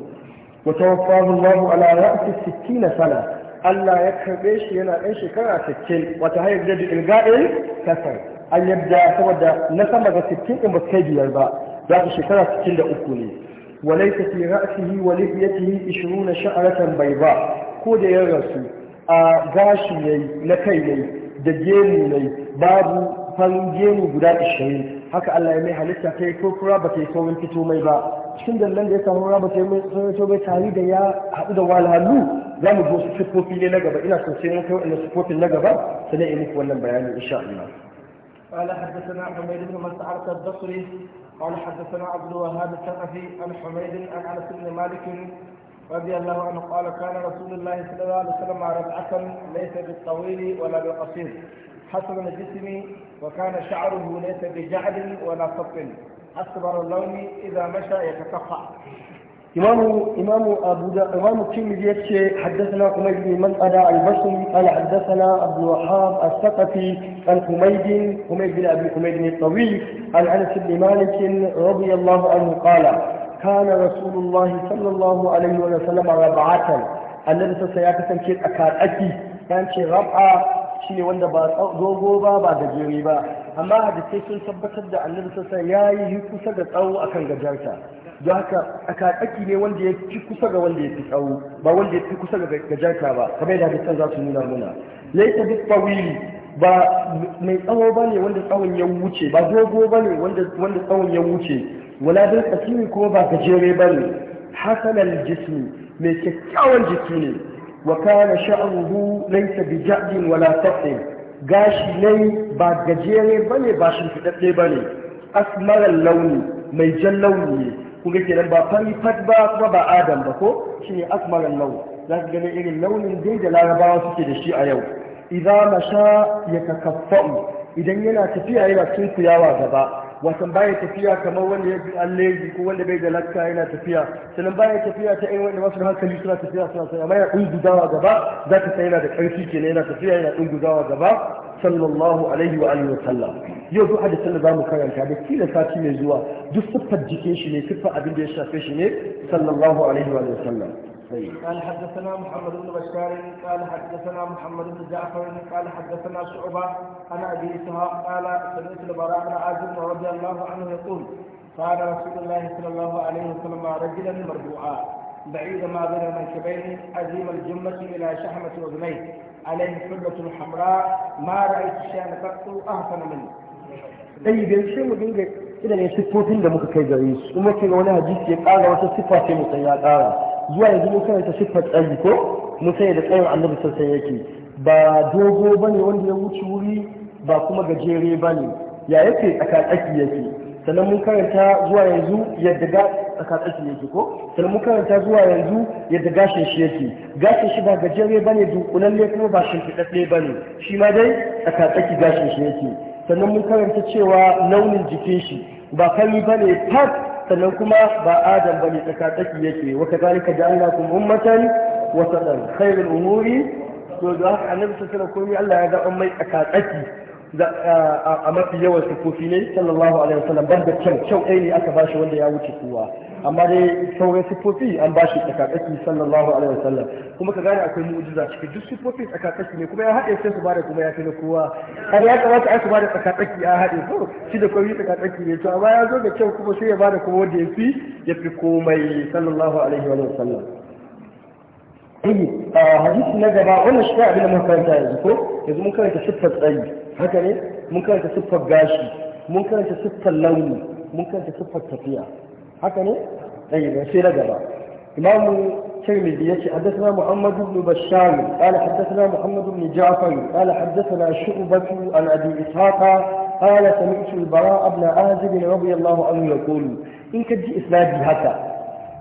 wa tawaffahu Allahu ala ra'si sittina sana Allah ya karbe shi yana ɗan shekara sittin wata hayar da ilga'in kasar an yadda saboda na sama ga sittin in ba kai biyar ba za ta shekara 63 ne walaita fi ra'sihi wa lihiyatihi 20 sha'ratan ba ko da ya rasu a gashi ne na kai ne da gemu ne babu farin gemu guda 20 haka Allah ya mai halitta kai ko kura ba ta yi saurin fito mai ba cikin dallan da ya samu raba sai mun sun to bai tare da ya haɗu da walalu, za mu zo su siffofi ne na gaba ina son sai mun kai wannan siffofin na gaba sai yi muku wannan bayani insha Allah قال حدثنا حميد بن مسعرة البصري قال حدثنا عبد الوهاب الثقفي عن حميد عن انس بن مالك رضي الله عنه قال كان رسول الله صلى الله عليه وسلم على ليس بالطويل ولا بالقصير حسن الجسم وكان شعره ليس بجعد ولا صف أصبر اللون إذا مشى يتقطع إمام إمام أبو دا إمام الترمذي حدثنا حميد بن مسعدة البصري قال حدثنا عبد الوهاب الثقفي عن حميد حميد بن أبي حميد الطويل عن أنس بن مالك رضي الله عنه قال كان رسول الله صلى الله عليه وسلم ربعة الذي سيكتم كيف أكاد أكي كان شيء ربعة shi ne wanda ba dogo ba ba gajere ba amma hadisai sun tabbatar da annabi sassa ya yi kusa da tsawo akan gajarta don haka kakaki ne wanda ya fi kusa ga wanda ya fi tsawo ba wanda ya fi kusa ga gajanka ba kamar yadda hadisan za su nuna muna laita duk tawili ba mai tsawo ba ne wanda tsawon ya wuce ba dogo ba ne wanda tsawon ya wuce wala dai tsakini kuma ba gajere ba ne hasanan jismi mai kyakkyawan jiki ne wa kana sha'ruhu laysa bi ja'din wala tafin gashi ne ba gajere ba ne ba shimfiɗaɗɗe ba ne Asmaran launi mai jan launi ne kuma ga kenan ba fari fat ba kuma ba adam ba ko shi ne asmaran lau. za ka gani irin launin dai da larabawa suke da shi a yau idza masha yatakaffu idan yana tafiya yana tunkuyawa gaba wasan baya tafiya kamar wanda ya bi alleji ko wanda bai da lakka yana tafiya sannan baya tafiya ta irin wanda masu hankali suna tafiya suna sai amma yana gudawa gaba za ka sai yana da ƙarfi kenan yana tafiya yana gudawa gaba صلى الله عليه وآله وسلم yau duk hadisin da zamu karanta da kila sati mai zuwa duk siffar jikin shi ne siffar abin da ya shafe قال حدثنا محمد بن بشار قال حدثنا محمد بن جعفر قال حدثنا شعبة عن أبي إسحاق قال سمعت البراء بن عازم رضي الله عنه يقول قال رسول الله صلى الله عليه وسلم رجلا مربوعا بعيد ما بين منكبين عزيم الجمة إلى شحمة أذنيه عليه حلة حمراء ma ra'aytu shay'an qattu ahsana min dai bin shi mu dinga ina ne siffofin da muka kai gare su kuma ke wani hadisi ya kara wata siffa ce mu sai ya ƙara zuwa yanzu mun karanta siffar tsayi ko mun sai da tsayin annabi sosai yake ba dogo bane wanda ya wuce wuri ba kuma gajere bane ya yake tsaka tsaki yake sannan mun karanta zuwa yanzu yadda ga tsakatsaki yake ko sannan mun karanta zuwa yanzu yadda gashin shi yake gashin shi ba gajere bane dunkulalle kuma ba shimfiɗaɗɗe bane shi ma dai tsakatsaki gashin shi yake sannan mun karanta cewa launin jikin shi ba fari bane fat sannan kuma ba adam bane tsakatsaki yake wa kazalika ja'alnakum ummatan wasatan khairul umuri to da haka annabi sallallahu alaihi wasallam Allah ya ga mai tsakatsaki a mafi yawan sufofi ne sallallahu alaihi wasallam ban da kyau kyau ɗaya ne aka bashi wanda ya wuce kowa amma dai sauran sufofi an bashi tsakatsaki sallallahu alaihi wasallam kuma ka gane akwai mu'jiza ciki duk sufofi tsakatsaki ne kuma ya haɗe sai su bada kuma ya fi na kowa har ya kamata ai su bada tsakatsaki ya haɗe so shi da kwami tsakatsaki ne to amma ya zo da kyau kuma sai ya bada kuma wanda ya fi ya fi komai sallallahu alaihi wasallam eh, hadisi na gaba wannan shi abin da mun karanta yanzu ko yanzu mun karanta siffar tsayi haka ne mun karanta siffar gashi mun karanta siffar launi mun karanta siffar tafiya haka ne ɗaya sai na gaba imamu الترمذي يأتي حدثنا محمد بن بشار قال حدثنا محمد بن جعفر قال حدثنا شعبة عن أبي إسحاق قال سمعت البراء بن عازب رضي الله عنه in ka ji إسنادي haka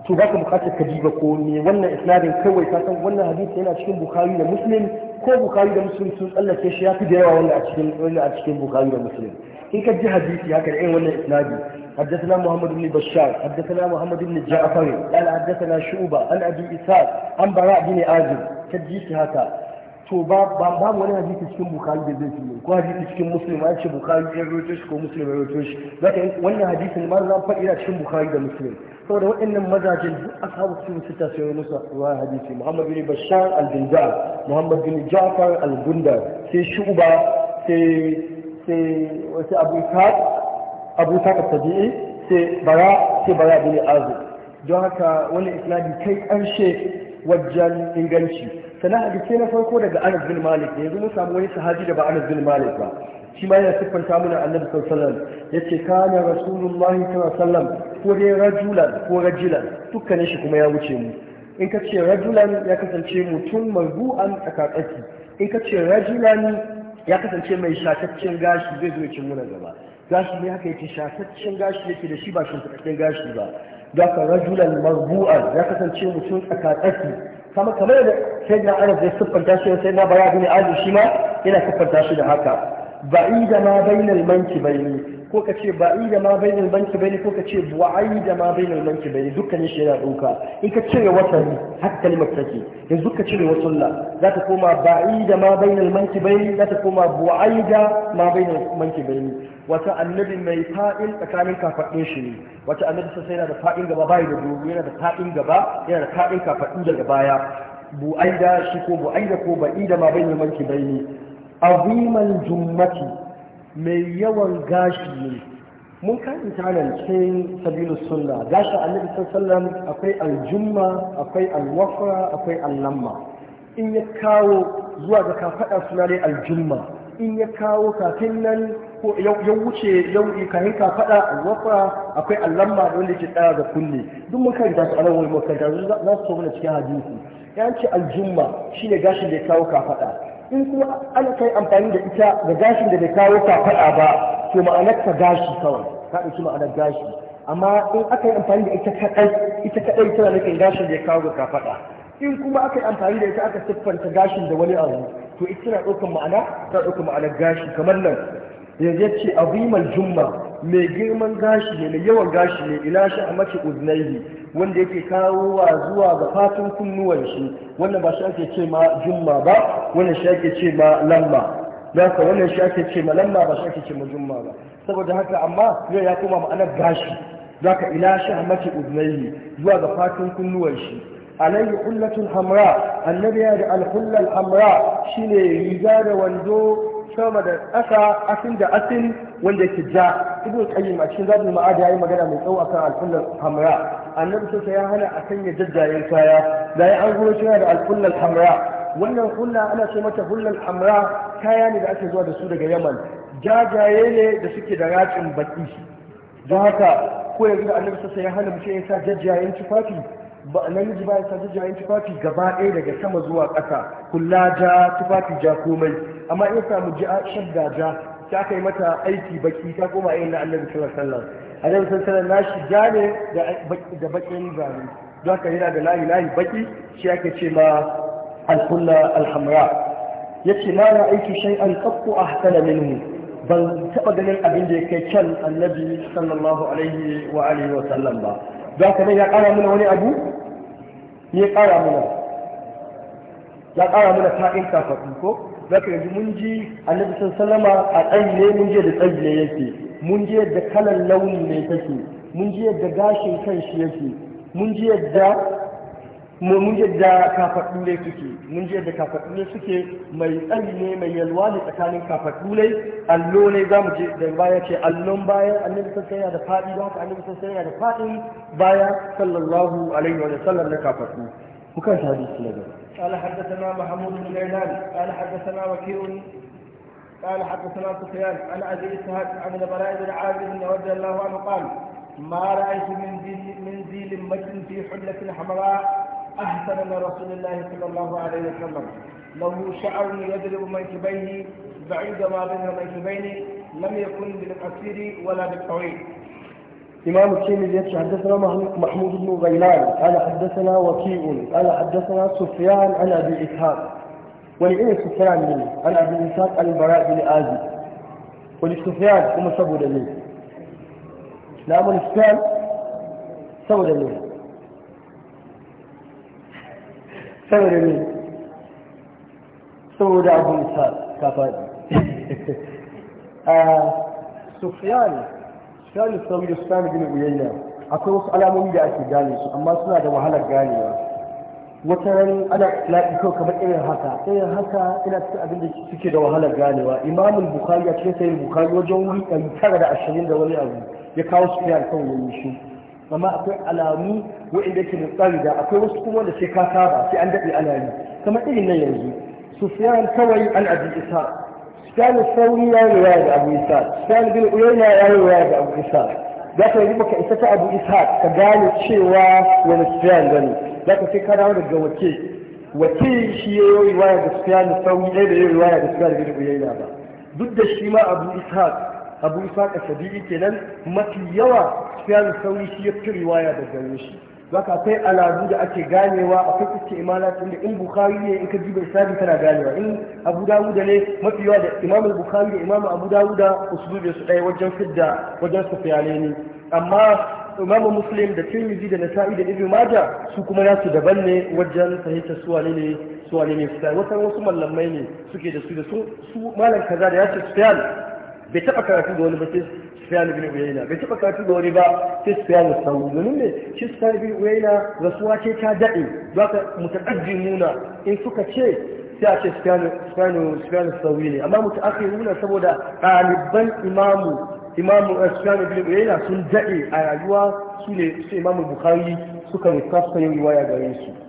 to baka bukatar ka ba ko me wannan isnadin kawai ka san wannan hadisi yana cikin bukhari da muslim ko bukari da musulun sun tsallake shi ya fi da yawa wanda a cikin wanda a cikin bukari da musulun in ka ji hadisi haka da irin wannan isnadi haddathana muhammad ibn bashar haddathana muhammad ibn ja'far qala haddathana shu'ba an abi isa an bara ibn azib ka ji haka to ba ba wani hadisi cikin bukhari da zai fiye ko hadisi cikin muslim ya ce bukhari ya rawaito shi ko muslim ya rawaito shi zaka yi wannan hadisin ma zan faɗi a cikin bukhari da muslim saboda waɗannan mazajen duk ashabu sun sita sai musu ruwa hadisi muhammad bin bashar al-dinjar muhammad bin ja'far al-gundar sai shuba sai sai wasu abu ta abu ta tabi'i sai bara sai bara bin azib don haka wani isnadi kai ƙarshe wajen inganci sannan hadisi na farko daga Anas bin Malik da yanzu mun samu wani sahabi da ba Anas bin Malik ba shi ma yana siffanta samun Annabi sallallahu alaihi wasallam yace kana rasulullahi sallallahu alaihi wasallam ko dai rajulan ko rajulan dukkanin shi kuma ya wuce mu in ka ce rajulan ya kasance mutum marbu'an tsakatsaki in ka ce rajulan ya kasance mai shataccen gashi zai zo cin muna gaba gashi ne haka yake shataccen gashi yake da shi ba shataccen gashi ba za ka rajulan marbu'an ya kasance mutum tsakatsaki kama kamar da sai na anas ya siffanta shi sai na baya bin azu shi ma yana siffanta shi da haka ba'ida ma bainal manki baini ko ka ce ba'ida ma bainal manki baini ko ka ce bu'aida ma bainal manki baini dukkanin shi yana dauka in ka cire wasanni har kalmar take yanzu ka cire wasulla za ta koma ba'ida ma bainal manki baini za ta koma bu'aida ma bainal manki baini wata annabi mai fa'in tsakanin kafaɗin shi ne wata annabi sai yana da fa'in gaba bayi da dogo yana da fa'in gaba yana da fa'in kafaɗin daga baya da shi ko da ko ba'ida ma bai neman ki bai ne aziman jummati mai yawan gashi ne mun karanta nan cikin sabilu sunna gashi annabi sallallahu alaihi akwai aljumma akwai alwafra akwai allamma in ya kawo zuwa ga ka suna ne aljumma in ya kawo kafin nan ko ya wuce yau'i kayan ka a wafa akwai allamma da wanda ke tsaya da kulle duk mun karanta su a nan wani makaranta za su so mana cikin hadisi ya ce aljumma shine gashin da ya kawo ka in kuma ana kai amfani da ita da gashin da bai kawo kafaɗa ba to ma'anar ta gashi kawai ka ɗauki ma'anar gashi amma in aka yi amfani da ita kaɗai ita kaɗai tana nufin gashin da ya kawo ga in kuma aka yi amfani da ita aka siffanta gashin da wani abu to ita tana ɗaukar ma'ana tana ɗaukar ma'anar gashi kamar nan yanzu ya ce azimal jumma mai girman gashi ne mai yawan gashi ne ila shi a mace uznaihi wanda yake kawowa zuwa ga fatan kunnuwan shi wannan ba shi ake ce ma jumma ba wannan shi ake ce ma lamma za ka wannan shi ake ce ma lamma ba shi ake ce ma jumma ba saboda haka amma yau ya koma ma'anar gashi za ka ila shi a mace uznaihi zuwa ga fatan kunnuwan shi alayhi hullatul hamra annabi ya da alhullal hamra shine riga da wando sama da ƙasa asin da asin wanda ke ja ibnu qayyim a cikin zabul ma'ad yayi magana mai tsawo akan alhullal hamra annabi sai ya hana a sanya jajjayen kaya da ya an guro shi da alhullal hamra wannan hulla ana ce mata hullal hamra kaya ne da ake zuwa da su daga yaman jajaye ne da suke da ratsin baki don haka ko yanzu da annabi sai ya hana mutum ya sa jajjayen tufafi namiji ba ya sa jajjayen tufafi gaba ɗaya daga sama zuwa ƙasa kula ja tufafi ja komai amma in samu a shadda ja ta kai mata aiki baki ta koma irin na annabi sallallahu alaihi wasallam annabi sallallahu alaihi wasallam nashi ja ne da bakin zane don haka yana da layi layi baki shi ake ce ma alkulla alhamra yace ma na aiki shay'an qattu ahsana minhu ban taɓa ganin abin da ya kai can annabi sallallahu alaihi wa alihi wa sallam ba za ka ya ƙara mana wani abu ya ƙara mana ya ƙara mana ta'in kafaɗi ko za ka yanzu mun ji annabi sun salama a tsayi ne mun je da tsayi ne yake mun je da kalan launi ne take mun ji yadda gashin kan shi yake mun je da. mun yadda kafaɗule suke mun yadda kafaɗule suke mai tsari ne mai yalwa ne tsakanin kafaɗule allo ne za mu je da baya ce allon baya annabi sassan yana da faɗi don haka annabi sassan yana da faɗin baya sallallahu alaihi wa sallam na kafaɗu ku kan sa hadisi na gaba قال حدثنا محمود بن غيلان قال حدثنا وكيع قال حدثنا سفيان عن ابي اسحاق عن البراء بن عازب رضي الله عنه قال ما رايت من ذي من ذيل متن في حلة حمراء أحسن من رسول الله صلى الله عليه وسلم لو شعر يضرب منكبيه بعيد ما بين منكبيه لم يكن بالقصير ولا بالطويل إمام الترمذي حدثنا محمود بن غيلان قال حدثنا وكيء قال حدثنا سفيان عن أبي إسحاق ولإيه سفيان مني عن أبي إسحاق البراء بن آزي ولسفيان هم سبوا دليل نعم سفيان سبوا دليل saboda ne saboda abun sa ka faɗi a (laughs) ah, sufiyan sufiyan sauri da sufiyan bin uyayya akwai wasu alamomi da ake gane su amma suna da wahalar ganewa wata ran ana laɗi kawai kamar irin haka irin haka ina cikin abin da suke da wahalar ganewa imamul bukhari a cikin sayin bukhari wajen wuri ɗari tara da ashirin da wani abu ya kawo sufiyan kawai ya yi shi amma akwai alamu wa'inda ke mutsari da akwai wasu kuma da sai ka saba sai an daɗe ana yi kamar irin nan yanzu sufyan kawai an abin isa sufyan sauri ya yi riwaya da abu isa sufyan bin uyayna ya yi riwaya da abu isa za ka yi maka isa ta abu isa ka gane cewa wani sufyan gani za ka sai ka dawo daga wace wace shi ya yi riwaya da sufyan sauri ɗaya da ya yi riwaya da sufyan bin uyayna ba duk da shi ma abu isa abu isa ka sabili kenan mafi yawa sufyan sauri shi ya fi riwaya da gare shi zaka kai aladu da ake ganewa akwai iske imalat inda in bukhari ne in ka jibar isabi tana ganewa in abu dawuda ne mafi yawa da imam bukhari da imam abu dawuda usulubi su ɗaya wajen fidda wajen su sufyane ne amma imam muslim da tirmidhi da nasa'i da ibn majah su kuma su daban ne wajen fahimta su ne su ne su wasu mallamai ne suke da su da su malam kaza da ya ce sufyan bai taba karatu da wani ba sai Sufyan ibn Uyayna bai taba karatu da wani ba sai Sufyan al-Thawri domin ne shi Sufyan ibn Uyayna rasuwa ce ta dade zaka muna in suka ce sai a ce Sufyan Sufyan Sufyan al ne amma mutaakhiruna saboda ɗaliban imamu imamu eh, Sufyan ibn Uyayna sun dade a rayuwa su ne su imamu Bukhari suka rika suka riwaya gare su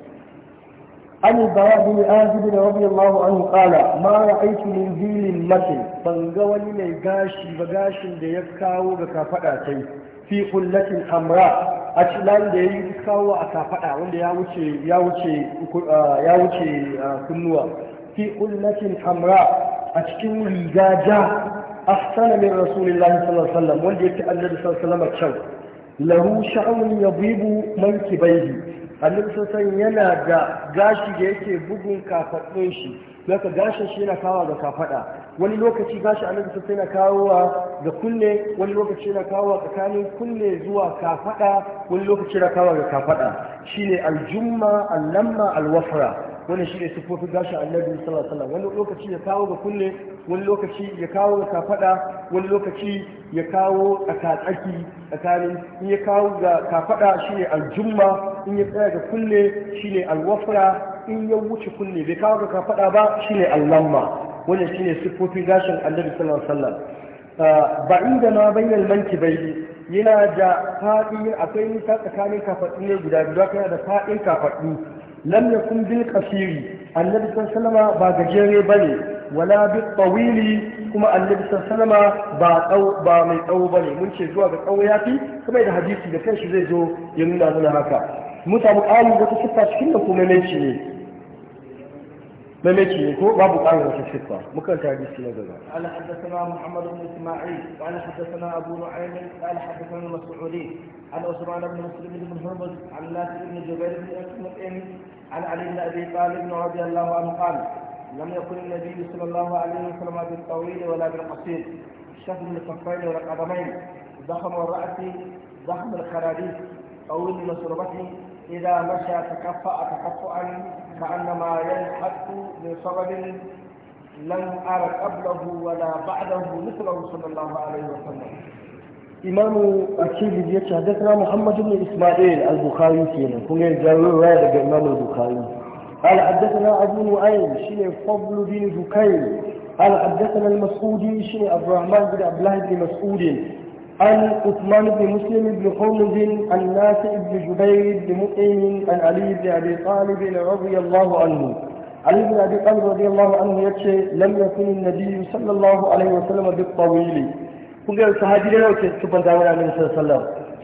عن البراء بن عازب رضي الله عنه قال ما رأيت من ذيل المثل فانقول لي قاشي بقاشي ليكاو بكافأتي في قلة حمراء أشلان ليكاو أكافأ وندي ياوشي ياوشي ياوشي كنوة في قلة حمراء أشكين رجاجة أحسن من رسول الله صلى الله عليه وسلم وندي النبي صلى الله عليه وسلم له شعر يضيب منكبيه annabi sosan yana da gashi da yake bugun kafaɗin shi daga gashin shi yana kawo ga kafaɗa wani lokaci gashi annabi sosan yana kawo ga kunne wani lokaci yana kawo tsakanin kunne zuwa kafaɗa wani lokaci yana kawo ga kafaɗa shine aljumma allamma alwafra wannan shi ne siffofi gashi annabi sallallahu alaihi wani lokaci ya kawo ga kulle wani lokaci ya kawo ga kafada wani lokaci ya kawo a tsaki tsakanin in ya kawo ga kafada shine aljumma in ya tsaya ga kulle shine alwafra in ya wuce kulle bai kawo ga kafada ba shine allamma wannan ne siffofin gashin annabi sallallahu alaihi wasallam ah, ba inda ma bayyana manki bai yana da fadin akwai nisa tsakanin kafaɗi ne guda biyu kana da fadin kafaɗi lam yakun bil qasiri annabi sallama ba gajere bane wala bi tawili kuma annabi sallama ba tsau ba mai tsawo bane mun ce zuwa ga tsawo yafi kuma da hadisi da kai shi zai zo ya nuna mana haka mun samu ƙarin wata siffa cikin da kuma ne ممكي نكو باب قال وتشفى مكان تحديث السنة ذا قال حدثنا محمد بن اسماعيل قال حدثنا ابو نعيم قال حدثنا المسعودي عن عثمان بن مسلم بن هرمز عن نافع بن جبير بن مطعم عن علي بن ابي طالب رضي الله عنه قال لم يكن النبي صلى الله عليه وسلم بالطويل ولا بالقصير شكل الكفين والقدمين ضخم الراس ضخم الخراريف طويل مسربته اذا مشى تكفأ تكفؤا كأنما ينحت لسبب لم أرى قبله ولا بعده مثله صلى الله عليه وسلم إمام الشيخ يقول حدثنا محمد بن إسماعيل البخاري كنا كنا جاوي رأي الإمام البخاري قال حدثنا أبو نعيم شيء فضل بن ذكير قال حدثنا المسعودي شيء عبد الرحمن بن عبد الله بن مسعود عن عثمان بن مسلم بن خرمز عن نافع بن جبير بن مطعم عن علي بن ابي طالب رضي الله عنه علي بن ابي طالب رضي الله عنه يكشي لم يكن النبي صلى الله عليه وسلم بالطويل kunga sahabi ne yake tuban da wani annabi sallallahu alaihi wasallam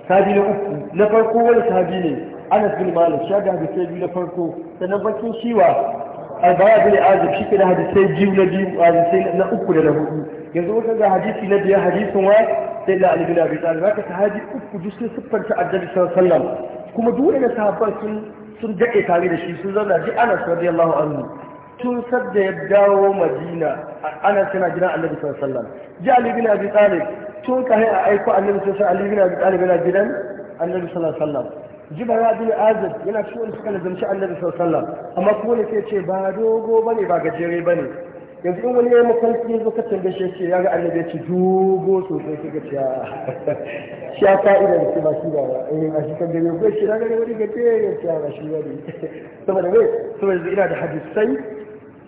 sahabi ne uku na farko wani sahabi ne Anas bin Malik shaga da sai na farko sannan bakin shiwa albara bin azib shi ke da hadisai biyu na biyu hadisai na uku da na hudu yanzu wata ga hadisi na biyar hadisin wa sai da alibi na bisa za ta haji uku duk sun siffanta annabi sallam kuma duk wani sahabban sun sun daɗe tare da shi sun zauna ji anas Allahu anhu tun sadda ya dawo madina anas yana gidan annabi sallam ji alibi na bitar tun kahai a aiko annabi sallam alibi na bitar yana gidan annabi sallam ya bi azib yana shi wanda suka nazarci annabi sallallahu amma kuma ne sai ce ba dogo bane ba gajere bane yanzu in wani ya yi mafarki zo ka tambaye shi ce ya ga annabi ya ce dogo sosai ka ce ah. (laughs) shi ya fa'ida da kuma shi ba eh a shi kan gare ko shi na wani gate ya ce ba shi ba saboda me saboda ina da hadisai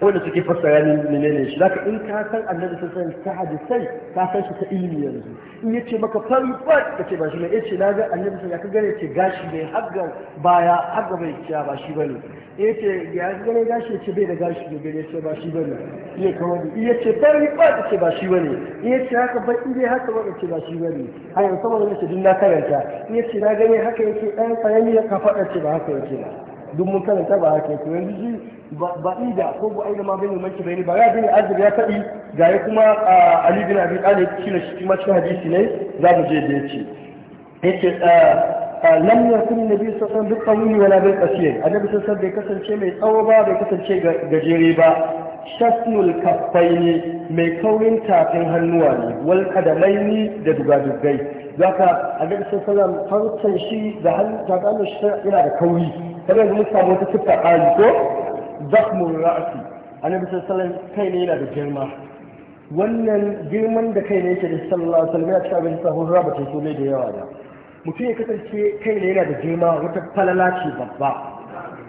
wanda suke fassara min menene shi zaka in ka san annabi sallallahu alaihi wasallam ta hadisai ka san shi ta ilimi yanzu in yace maka fari fat kace ba shi ne yace na ga annabi sallallahu alaihi wasallam ka gane ce gashi bai hagga baya hagga bai ciya ba shi bane yace ya gane gashi ce bai da gashi bai gane yace ba shi bane yace kawai da yace fari fat ce ba shi bane yace haka ba ide haka ba ce ba shi bane a yanzu saboda yace din na karanta yace na gane haka yace dan fayani ya ka fada ce ba haka yace ba duk mun karanta ba haka yace yanzu ba'ida ko ba bu'aida ma bai mulki bai ba ya bin azir ya tabi ga ya kuma ali bin abi talib shi ne shi ma hadisi ne za mu je da ce. yace lam yakun nabi sallallahu alaihi wasallam bi tawil wala bi qasir annabi sallallahu bai kasance mai tsawo ba bai kasance gajere ba shasnul kaffaini mai kaurin tafin hannuwa ne wal kadamaini da dugadugai zaka annabi sallallahu alaihi wasallam farcen shi da hannu ta shi yana da kauri kada mu samu wata siffa ko zakmun ra'asi annabi sallallahu kai ne yana da girma wannan girman da kai ne yake da sallallahu alaihi wasallam ya ci abin sahun raba ce so ne da yawa ba. mutum ya kasance kai ne yana da girma wata falala ce babba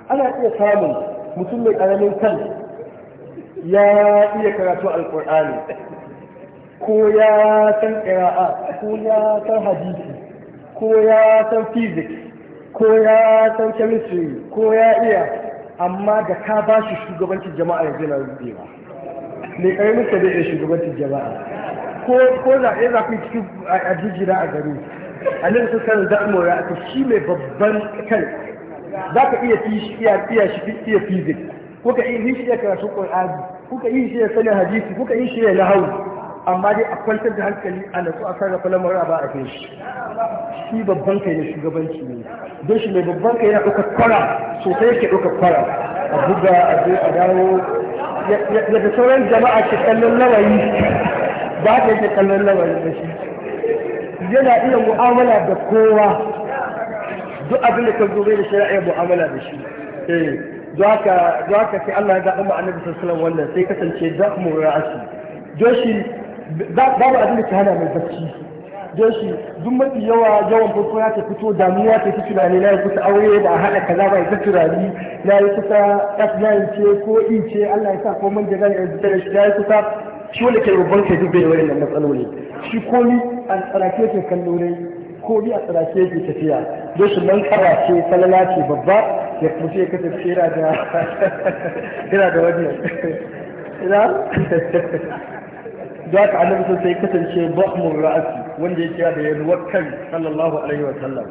ana iya samun mutum mai karamin kan ya iya karatu alqur'ani ko ya san qira'a ko ya san hadisi ko ya san physics ko ya san chemistry ko ya iya amma da ka ba shi shugabancin jama'a yanzu yana rubewa mai ƙaramin sa zai shugabancin jama'a ko za ku yi cikin a a gari a nan sun sanar da amura aka shi mai babban kai. za ka iya iya shi iya fizik ko ka iya shi iya karatun ƙwar'ani ko ka iya shi iya sanin hadisi ko ka iya shi iya nahawu amma dai a kwantar da hankali a nasu a sarrafa lamarin ba a shi shi babban kai ne shugabanci ne don shi mai babban kai na ɗaukar kwara sosai yake ɗaukar kwara a buga a zai a dawo yadda sauran jama'a ke kallon lawayi ba ta yake kallon lawayi da shi yana iya mu'amala da kowa duk abin da ka zo da shari'a mu'amala da shi Zuwa za ka sai Allah ya zaɓi ma'anar da alaihi wannan sai kasance za mu ra'asi joshi babu abin da ke hana mai bacci don shi duk mafi yawa yawan farko ya ta fito damuwa ta fi tunani na yi kusa aure ba a haɗa kaza ba ya ta tunani na yi kusa f9 ce ko in e ce allah ya sa ko man jaga ya zuta da shi na yi kusa shi wani ke babban kai duk bai da na matsaloli shi komi a tsarake ke kallo ne komi a tsarake ke tafiya don shi nan kara ce salala ce babba ya kusa ya kasance yana da (laughs) da wannan (laughs) da aka annabi sun sai kasance bahmul ra'asi wanda yake da yalwar kai sallallahu alaihi wa sallam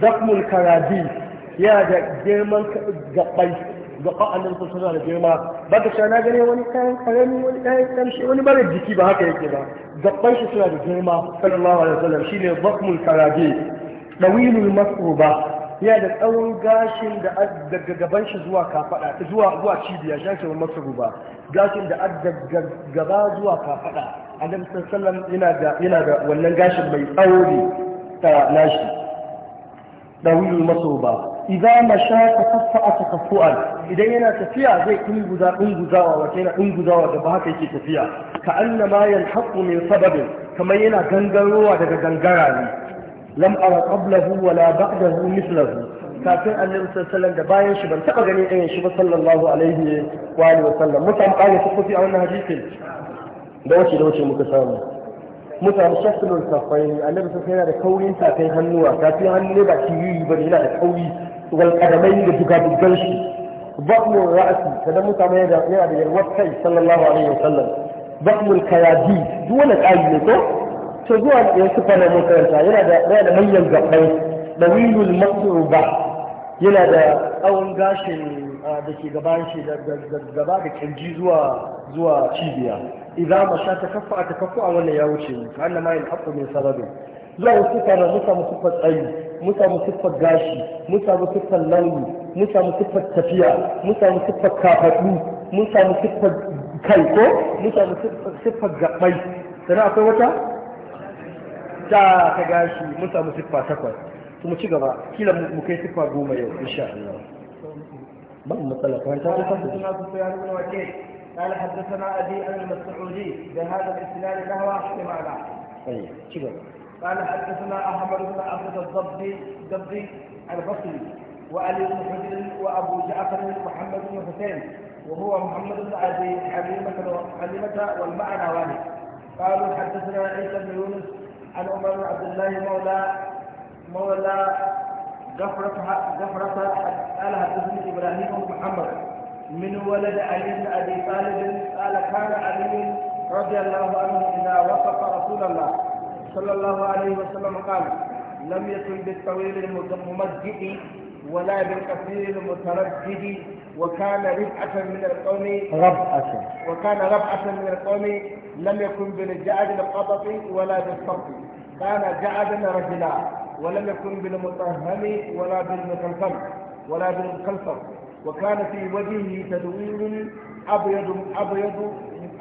zakmul karabi ya da girman gabai gaba annabi sun suna da girma baka sha na gane wani kayan karami wani kayan kamshi wani bare jiki ba haka yake ba gaban shi suna da girma sallallahu alaihi wa sallam shine zakmul karabi dawilul masruba yana da tsawon gashin da daga gaban shi zuwa kafada zuwa zuwa cibiya shi ake masa ruba gashin da daga gaba zuwa kafada annabi sallallahu yana da yana da wannan gashin mai tsawo ne ta nashi dawil masuba idan masha tafaffa takaffuan idan yana tafiya zai inguza inguzawa wace yana inguzawa da ba haka yake tafiya ka annama yanhaqu min sababin kamar yana gangarowa daga gangara ne lam ara qablahu wala ba'dahu mithlahu kafin annabi sallallahu da bayan shi ban taba gani irin shi ba sallallahu alaihi wa alihi wa sallam mun samu ƙarin sukufi a wannan hadisin da wace da wace muka samu mun samu shafilul safaini annabi sallallahu yana da kaurin tafin hannuwa tafin hannu ne ba yi ba ne yana da kauri wal qadamai da dugadugan shi batmun ra'asi kada mun samu yana da yarwar kai sallallahu alaihi wa sallam batmul kayadi duk wani ƙari ne ko to zuwa ya sufa na mun yana da yana da manyan gabbai dawilul masruba yana da tsawon gashin ah, da ke gaban shi da gaba da kirji zuwa zuwa cibiya idan sha ta kafa a ta kafa a wannan ya wuce ne ka annama yin haƙƙo min sarabin zuwa sufa na musa musuffar tsayi musa musuffar gashi musa musuffar launi musa musuffar tafiya musa musuffar kafaɗu musa musuffar kai ko musa musuffar gaɓai sana akwai wata ta ka gashi mun samu siffa takwas kuma ci gaba kila mu kai siffa goma yau insha Allah matsala ko ta ta قال حدثنا ابي عن المسعودي بهذا الاسلام نحو احتمال طيب قال حدثنا احمد بن عبد الضبي الضبي البصري وعلي بن حجر وابو جعفر محمد بن حسين وهو محمد بن ابي حليمه حليمه والمعنى والد قالوا حدثنا عيسى بن يونس عن عمر بن عبد الله مولى مولى جفرة جفرة قال حدثني ابراهيم بن محمد من ولد علي بن ابي طالب قال كان علي رضي الله عنه اذا وصف رسول الله صلى الله عليه وسلم قال لم يكن بالطويل الممجد ولا بالكثير المتردد وكان رفعة من القوم ربعة وكان ربعة من القوم لم يكن بالجعد القبط ولا بالصف كان جعدا رجلا ولم يكن بالمطهم ولا بالمكلفم ولا بالمكلفم وكان في وجهه تدوير أبيض أبيض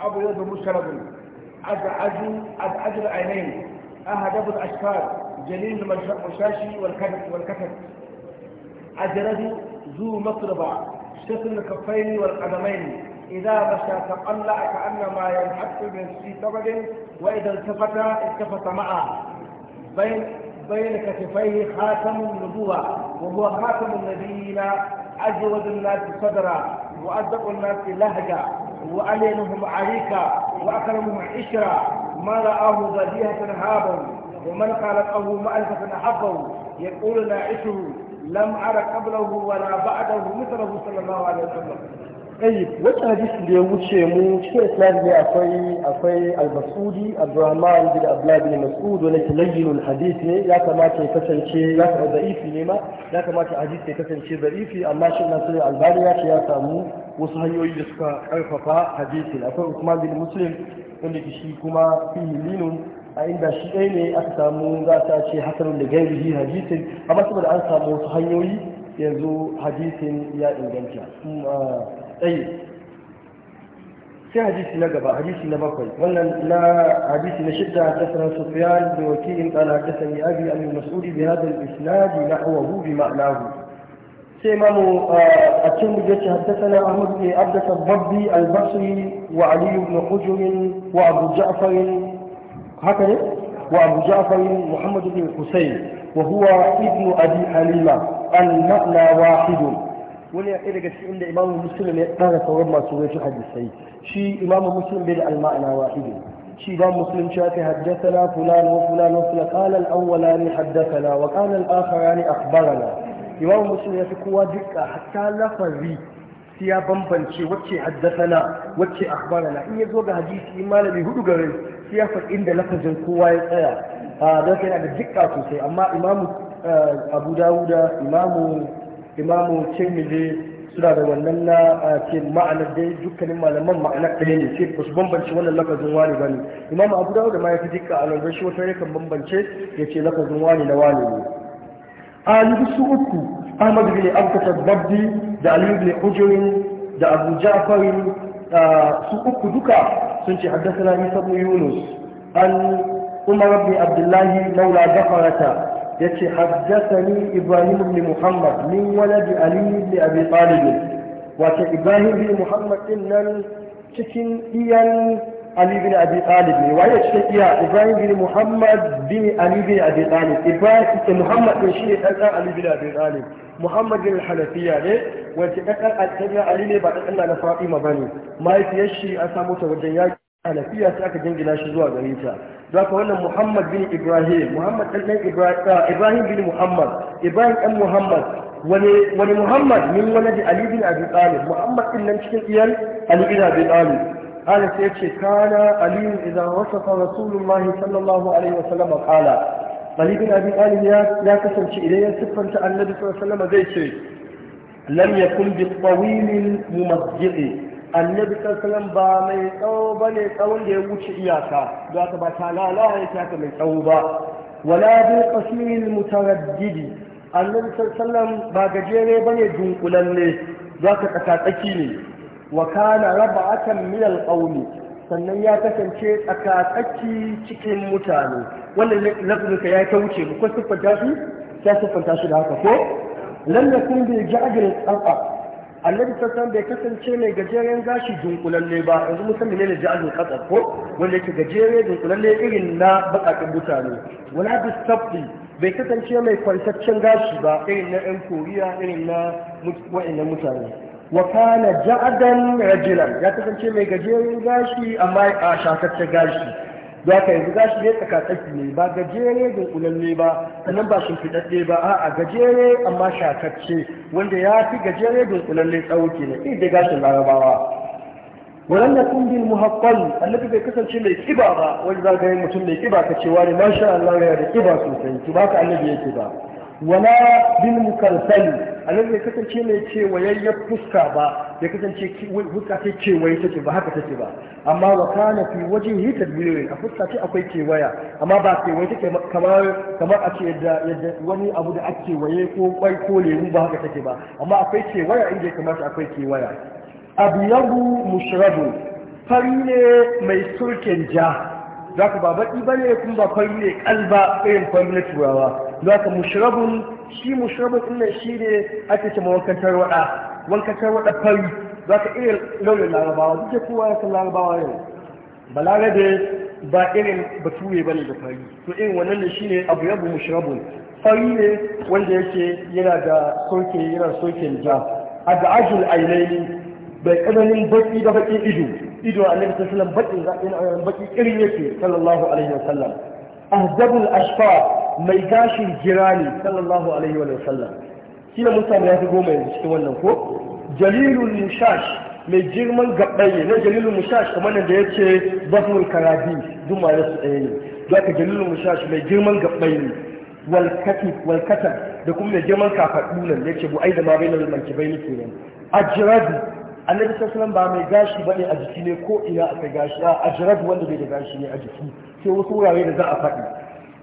أبيض مشرب أزعج أزعج العينين أهدب الأشفار جليل المشاشي والكتف والكتف أجرد ذو مطربة شكل الكفين والقدمين إذا مشى تقلع كأنما ينحط في سبب وإذا التفت التفت معه بين بين كتفيه خاتم النبوة وهو خاتم النبيين أجود الناس صدرا وأدق الناس لهجة وألينهم عريكا وأكرمهم عشرا ما رآه بديهة هاب ومن له مألفة أحبه يقول ناعشه lam ara qablahu wa la ba'dahu mithlahu sallallahu alaihi wasallam kai wata hadisi da ya wuce mu cikin islam ne akwai akwai al-masudi abdurrahman bin abdullah bin mas'ud wani tilayyinul ne ya kamata ya kasance ya samu da'ifi ne ma ya kamata hadisi ya kasance da'ifi amma shi na sai ya ce ya samu wasu hanyoyi da suka karfafa hadisin akwai usman bin muslim shi kuma fihi a inda shi ɗaya ne aka samu za ta ce hasanun da gairihi hadisin amma saboda an samu wasu hanyoyi yanzu hadisin ya inganta mm, ah, tsaye sai hadisi na gaba hadisi na bakwai wannan na hadisi na shidda hadathana sufyan da wakilin qala hadathani abi an mas'ud bi hadha al-isnad nahwahu bi Ma'anahu. sai mamu a ah, cikin yace hadathana ahmad bin abd al-babbi al-basri wa ali ibn hujr wa abu ja'far haka ne wa abu ja'far muhammad ibn husayn wa huwa ibn abi halima an ma'na wahidun wani ya daga cikin inda imamu muslim ya ɗara sauran masu wasu hadisai shi imamu muslim bai da alma'ana wahidu shi imamu muslim cewa ta haddasana fulan wa fulan wa fulan qala al-awwalani haddathana wa qala al-akharani akhbarana imamu muslim ya fi kowa dukka hatta lafazi sai ya bambance wacce haddasana wacce in ya zo ga hadisi malami hudu garin sai inda lafazin kowa ya tsaya a ah, don sai yana da jikka sosai amma imamu ah, abu dawuda imamu imamu tirmidhi suna da wannan na ah, ce ma'anar dai dukkanin malaman ma'anar ɗaya ne ce ba su bambance wannan lafazin wani ba ne imamu abu dawuda ma ya fi jikka a london shi wata yakan bambance ya ce lafazin wani na wani ne alibi su uku ahmad bin abkatar da aliyu bin hujurin da abu ja'farin su uku duka sun ce haddasa isa ibn yunus an umar ibn abdullahi maula gafarata yace haddathani ibrahim ibn muhammad min waladi ali ibn abi talib wato ibrahim ibn muhammad din nan cikin iyan ali ibn abi talib ne waye cikin iya ibrahim ibn muhammad bin ali ibn abi talib ibrahim ibn muhammad din shi ne dan ali ibn abi talib muhammadin halafiya ne wace ɗaɗɗan ali ne ba ɗaɗɗan na fatima ba ne mahaifiyar shi an samu ta wajen yaki halafiya sai aka jingina shi zuwa gare ta za ka wannan muhammad bin ibrahim muhammad ɗan ɗan ibrahim bin muhammad ibrahim ɗan muhammad wani muhammad min wani da ali bin abi talib muhammad ɗin nan cikin iyan ali bin abi talib قال سيدي كان علي إذا وصف رسول الله صلى الله عليه وسلم قال Ali bin Abi Talib ya kasance idan ya siffanta Annabi sallallahu alaihi wasallam zai ce lam yakun bi tawilil mumazzi'i Annabi sallallahu ba mai tsawo bane tsawon da ya wuce iyaka don ka ba talala ya taka mai tsawo ba wala bi qasil mutaraddidi Annabi sallallahu ba gajere bane dunkulalle za ka tsaka tsaki ne wa kana raba'atan min al-qawmi sannan ya kasance tsakatsaki cikin mutane wannan lafzinka ya ta wuce ko siffanta su ta siffanta su da haka ko kun yakun bi ja'dil qat'a annabi sassan bai kasance mai gajeren gashi dunkulalle ba yanzu musamman ne da ja'azin kasar ko wanda yake gajere dunkulalle irin na bakakin mutane wala bi sabbi bai kasance mai kwantaccen gashi ba irin na yan koriya irin na wa'annan mutane wa kana ja'adan rajulan ya kasance mai gajeren gashi amma a shakatta gashi ya ka yanzu gashi ne tsakatsaki ne ba gajere dunkulalle ba sannan ba shimfiɗaɗɗe ba a gajere amma shakacce wanda ya fi gajere dunkulalle tsawo ne na da gashin larabawa Wannan na kun bi muhaqqal annabi bai kasance mai kiba ba wani zagayen mutum mai kiba ka ce wani masha Allah ya da kiba sosai to baka annabi yake ba wala bil mukarsali annabi bai kasance mai ya fuska ba Ya kasance fuska ce kewaye take ba haka take ba amma wa kana fi wajhihi tadbirin a fuska ce akwai kewaya amma ba kewaye take kamar kamar a ce yadda wani abu da ake waye ko kwai ko lemu ba haka take ba amma akwai kewaya inda ya kamata akwai kewaya abiyabu mushrabu fari ne mai surken ja za ka ba baƙi ba ne kuma ba fari ne kalba irin fari na turawa za ka mushrabun shi mushrabun ɗin nan shi ne ake cewa wankan waɗa, wankantar waɗa fari za ka iya launin larabawa duk da kowa ya san larabawa yau da ba irin bature ba ne da fari to irin wannan ne ne abu yabu mushrabun fari ne wanda yake yana da soke yana soke ja a da ajul ainihin bai ƙananin baki da baki ido ido annabi sallallahu alaihi wasallam baki kirin yake sallallahu alaihi wasallam ahzabul ashfar mai gashin jirani sallallahu alaihi wasallam shi da mutane ya fi goma yanzu cikin wannan ko jalilul mushash mai girman gabbai na jalilul mushash kamar da ya ce Zafur karabi duma ya su ɗaya ne zaka jalilul mushash mai girman gabbai ne wal da kuma mai girman kafaɗu nan ce bu ai da ma bainal mankibai ne kenan ajradi annabi sallallahu ba mai gashi bane a jiki ne ko ina kai gashi a ajrad wanda bai da gashi ne a jiki sai wasu wurare da za a faɗi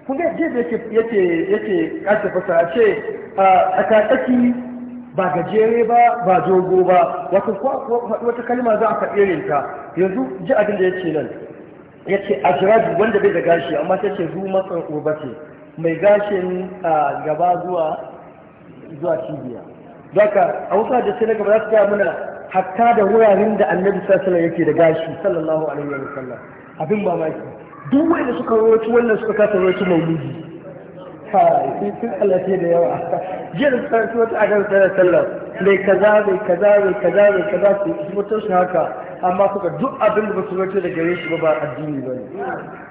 kun ga yadda yake yake yake fasa a ce a tsakaki ba gajere ba ba jogo ba wato wata kalma za a faɗi ta yanzu ji abin da yake nan yace ajrad wanda bai da gashi amma sai ce zu matsan urbati mai gashin gaba zuwa zuwa cibiya zaka a wasu da sai na gaba za su gaya mana hatta da wuraren da annabi sallallahu yake da gashi sallallahu alaihi wa sallam abin mamaki duk wanda suka rawaci wannan suka kasa rawaci maulidi sai sun tsallace da yawa jiya da suka rawaci wata da sallallahu sallar, mai kaza mai kaza mai kaza mai kaza su mutunsu haka amma suka duk abin da ba su rawaci da gare shi ba ba addini ba ne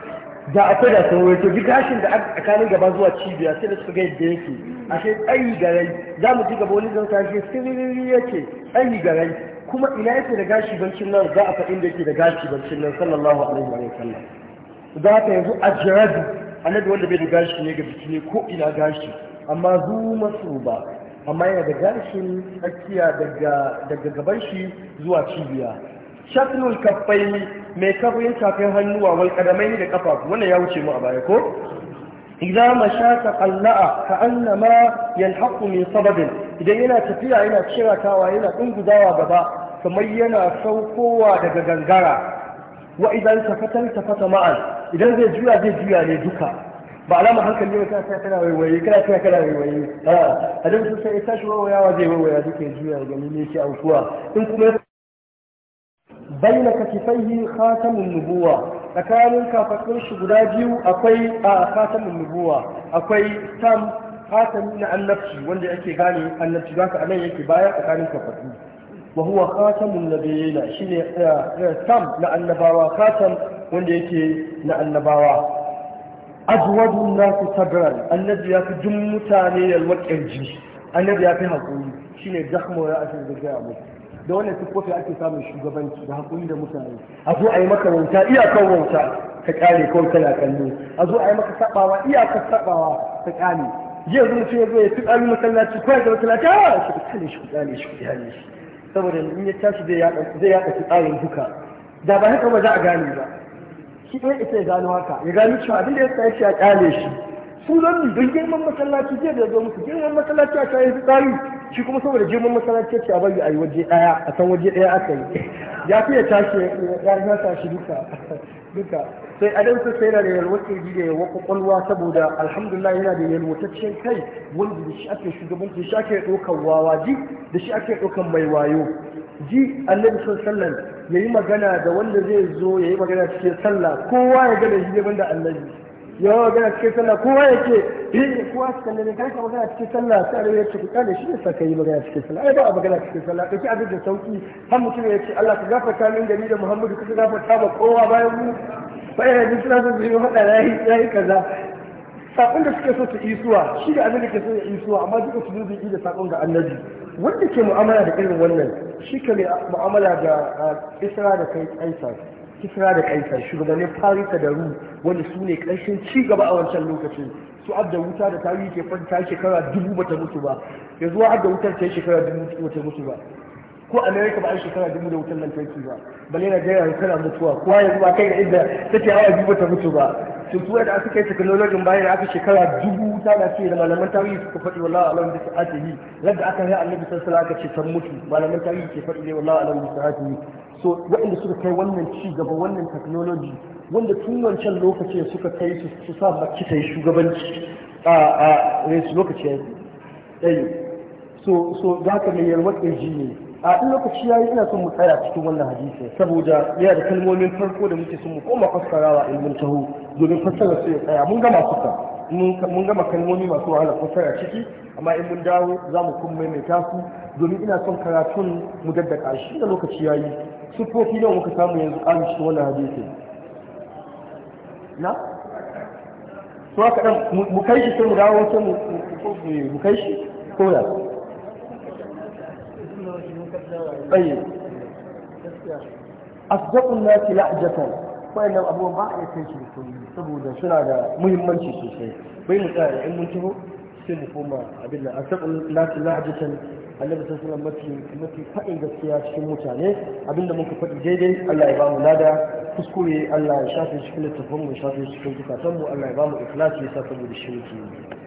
da akwai da sun wato duk gashin da aka tsakanin gaba zuwa cibiya sai da suka ga yadda yake shi tsayi rai. za mu ji gaba wani zan kashe siriri yake tsayi rai. kuma ina yake da gashi bancin nan za a faɗin da yake da gashi bancin nan sallallahu alaihi wa sallam za ka yanzu a annabi wanda bai da gashi ne ga biki ne ko ina gashi amma zu masu ba amma yana da gashin tsakiya daga gaban shi zuwa cibiya shaklul kaffaini mai kafin tafin hannuwa wal kadamai da kafafu wannan ya wuce mu a baya ko idza masha taqalla'a ka annama yalhaqu min sababin idan yana tafiya yana ciratawa yana dungudawa gaba kamar yana saukowa daga gangara wa idan tafatan tafata ma'an idan zai juya zai juya ne duka ba alama hankali ne kana kana waiwaye kana kana kana waiwaye a dan sai ya tashi wawayawa zai waiwaya duka juya gani ne yake aukuwa in kuma baina katifaihi khatamun nubuwa tsakanin kafafun shi guda biyu akwai a khatamun nubuwa akwai sam khatami na annabci wanda yake gane annabci zaka anan yake baya tsakanin kafafu wa huwa khatamun nabiyina shine sam na annabawa khatam wanda yake na annabawa ajwadun nasu sabran annabi ya fi jin mutane yalwar kirji annabi ya fi hakuri shine zakhmu gaya zakamu da wannan siffofi ake samun shugabanci da hakuri da mutane a zo a yi maka wauta iyakan wauta ka kare kawai kana kallo a zo a yi maka sabawa iyakan sabawa ka kare jiya zuwa ce zai fi tsarin masallaci kawai da masallaci a ah, shi ku kare shi ku kare shi ku kare shi saboda in ya tashi zai yaɗa zai yaɗa tsarin duka da ba haka ba za a gane ba shi ɗaya ita ya gano haka ya gano cewa abin da ya sa shi a kare shi su zan don girman masallaci zai da zo musu girman masallaci a kayan tsari shi kuma saboda girman masarauta ce a bari a yi waje daya a san waje daya aka yi ya fiye tashi ya nasa shi duka duka sai adam su sai da yalwar biyu da yalwar kwakwalwa saboda alhamdulillah yana da yalwataccen kai wanda da shi ake da shi ake wawa ji da shi ake ɗaukan mai wayo ji annabi sallan ya yi magana da wanda zai zo ya yi magana cikin sallah kowa ya gane shi daban da annabi ya magana cikin sallah kowa ya ce eh kowa su kalle ne kai ka magana cikin sallah sai Allah ya ce ku kale shi ka yi magana cikin sallah ai ba a magana cikin sallah kace abin da sauki har mutum ya ce Allah ka gafarta min gani da Muhammadu ka gafarta ba kowa bayan mu ba ya da suna son su yi faɗa ya yi kaza sakon da suke so su isuwa shi da abin da ke so ya isuwa amma duka su zuzu da sakon ga annabi wanda ke mu'amala da irin wannan shi ke mu'amala da isra da kai kaisar kisra da kaisar shugabannin farisa da ru wani su ne ƙarshen ci gaba a wancan lokacin su abda wuta da tarihi ke fanta shekara dubu bata mutu ba ya zuwa abda wutar ta shekara dubu bata mutu ba ko america ba a shekara dubu da wutar lantarki ba balle na jira tana mutuwa kowa yanzu ba kai da inda take awa dubu bata mutu ba tuntuwa da aka kai teknolojin bayan aka shekara dubu wuta na ce da malaman tarihi suka faɗi wallahi alam bi sa'atihi ladda aka yi annabi sallallahu alaihi wasallam aka ce san mutu malaman tarihi ke faɗi ne wallahi alam da sa'atihi so waɗanda suka kai wannan ci gaba wannan technology wanda tun wancan lokacin suka kai su sa baki ta yi shugabanci a a eh, lokaci ya yi eh, so so za ka mai yalwar ƙirji ne a ɗin lokaci ya yi ina son mu tsaya cikin wannan hadisi saboda yana da kalmomin farko da muke son mu koma fassarawa ilmin taho domin fassara su ya tsaya mun gama suka mun gama kalmomi masu wahala fassara ciki amma in mun dawo za mu kuma mai su domin ina son karatun mu daddaka shi da lokaci ya yi sufofi nawa muka samu yanzu ƙarin cikin wannan hadisi na su haka ɗan mu kai shi sai mu dawo sai mu kai shi ko ya tsaye asdaqun nasi la'jatan wayannan abubuwan ba a iya kai shi da sauri saboda suna da muhimmanci sosai bai mu tsaya in mun taho sai mu koma abin nan asdaqun nasi la'jatan annabi sun suna mafi mafi faɗin gaskiya cikin mutane abinda muka faɗi daidai Allah ya bamu lada kuskure Allah ya shafe cikin littafin mu shafe cikin zukatan mu Allah ya bamu ikhlasi ya sa saboda shi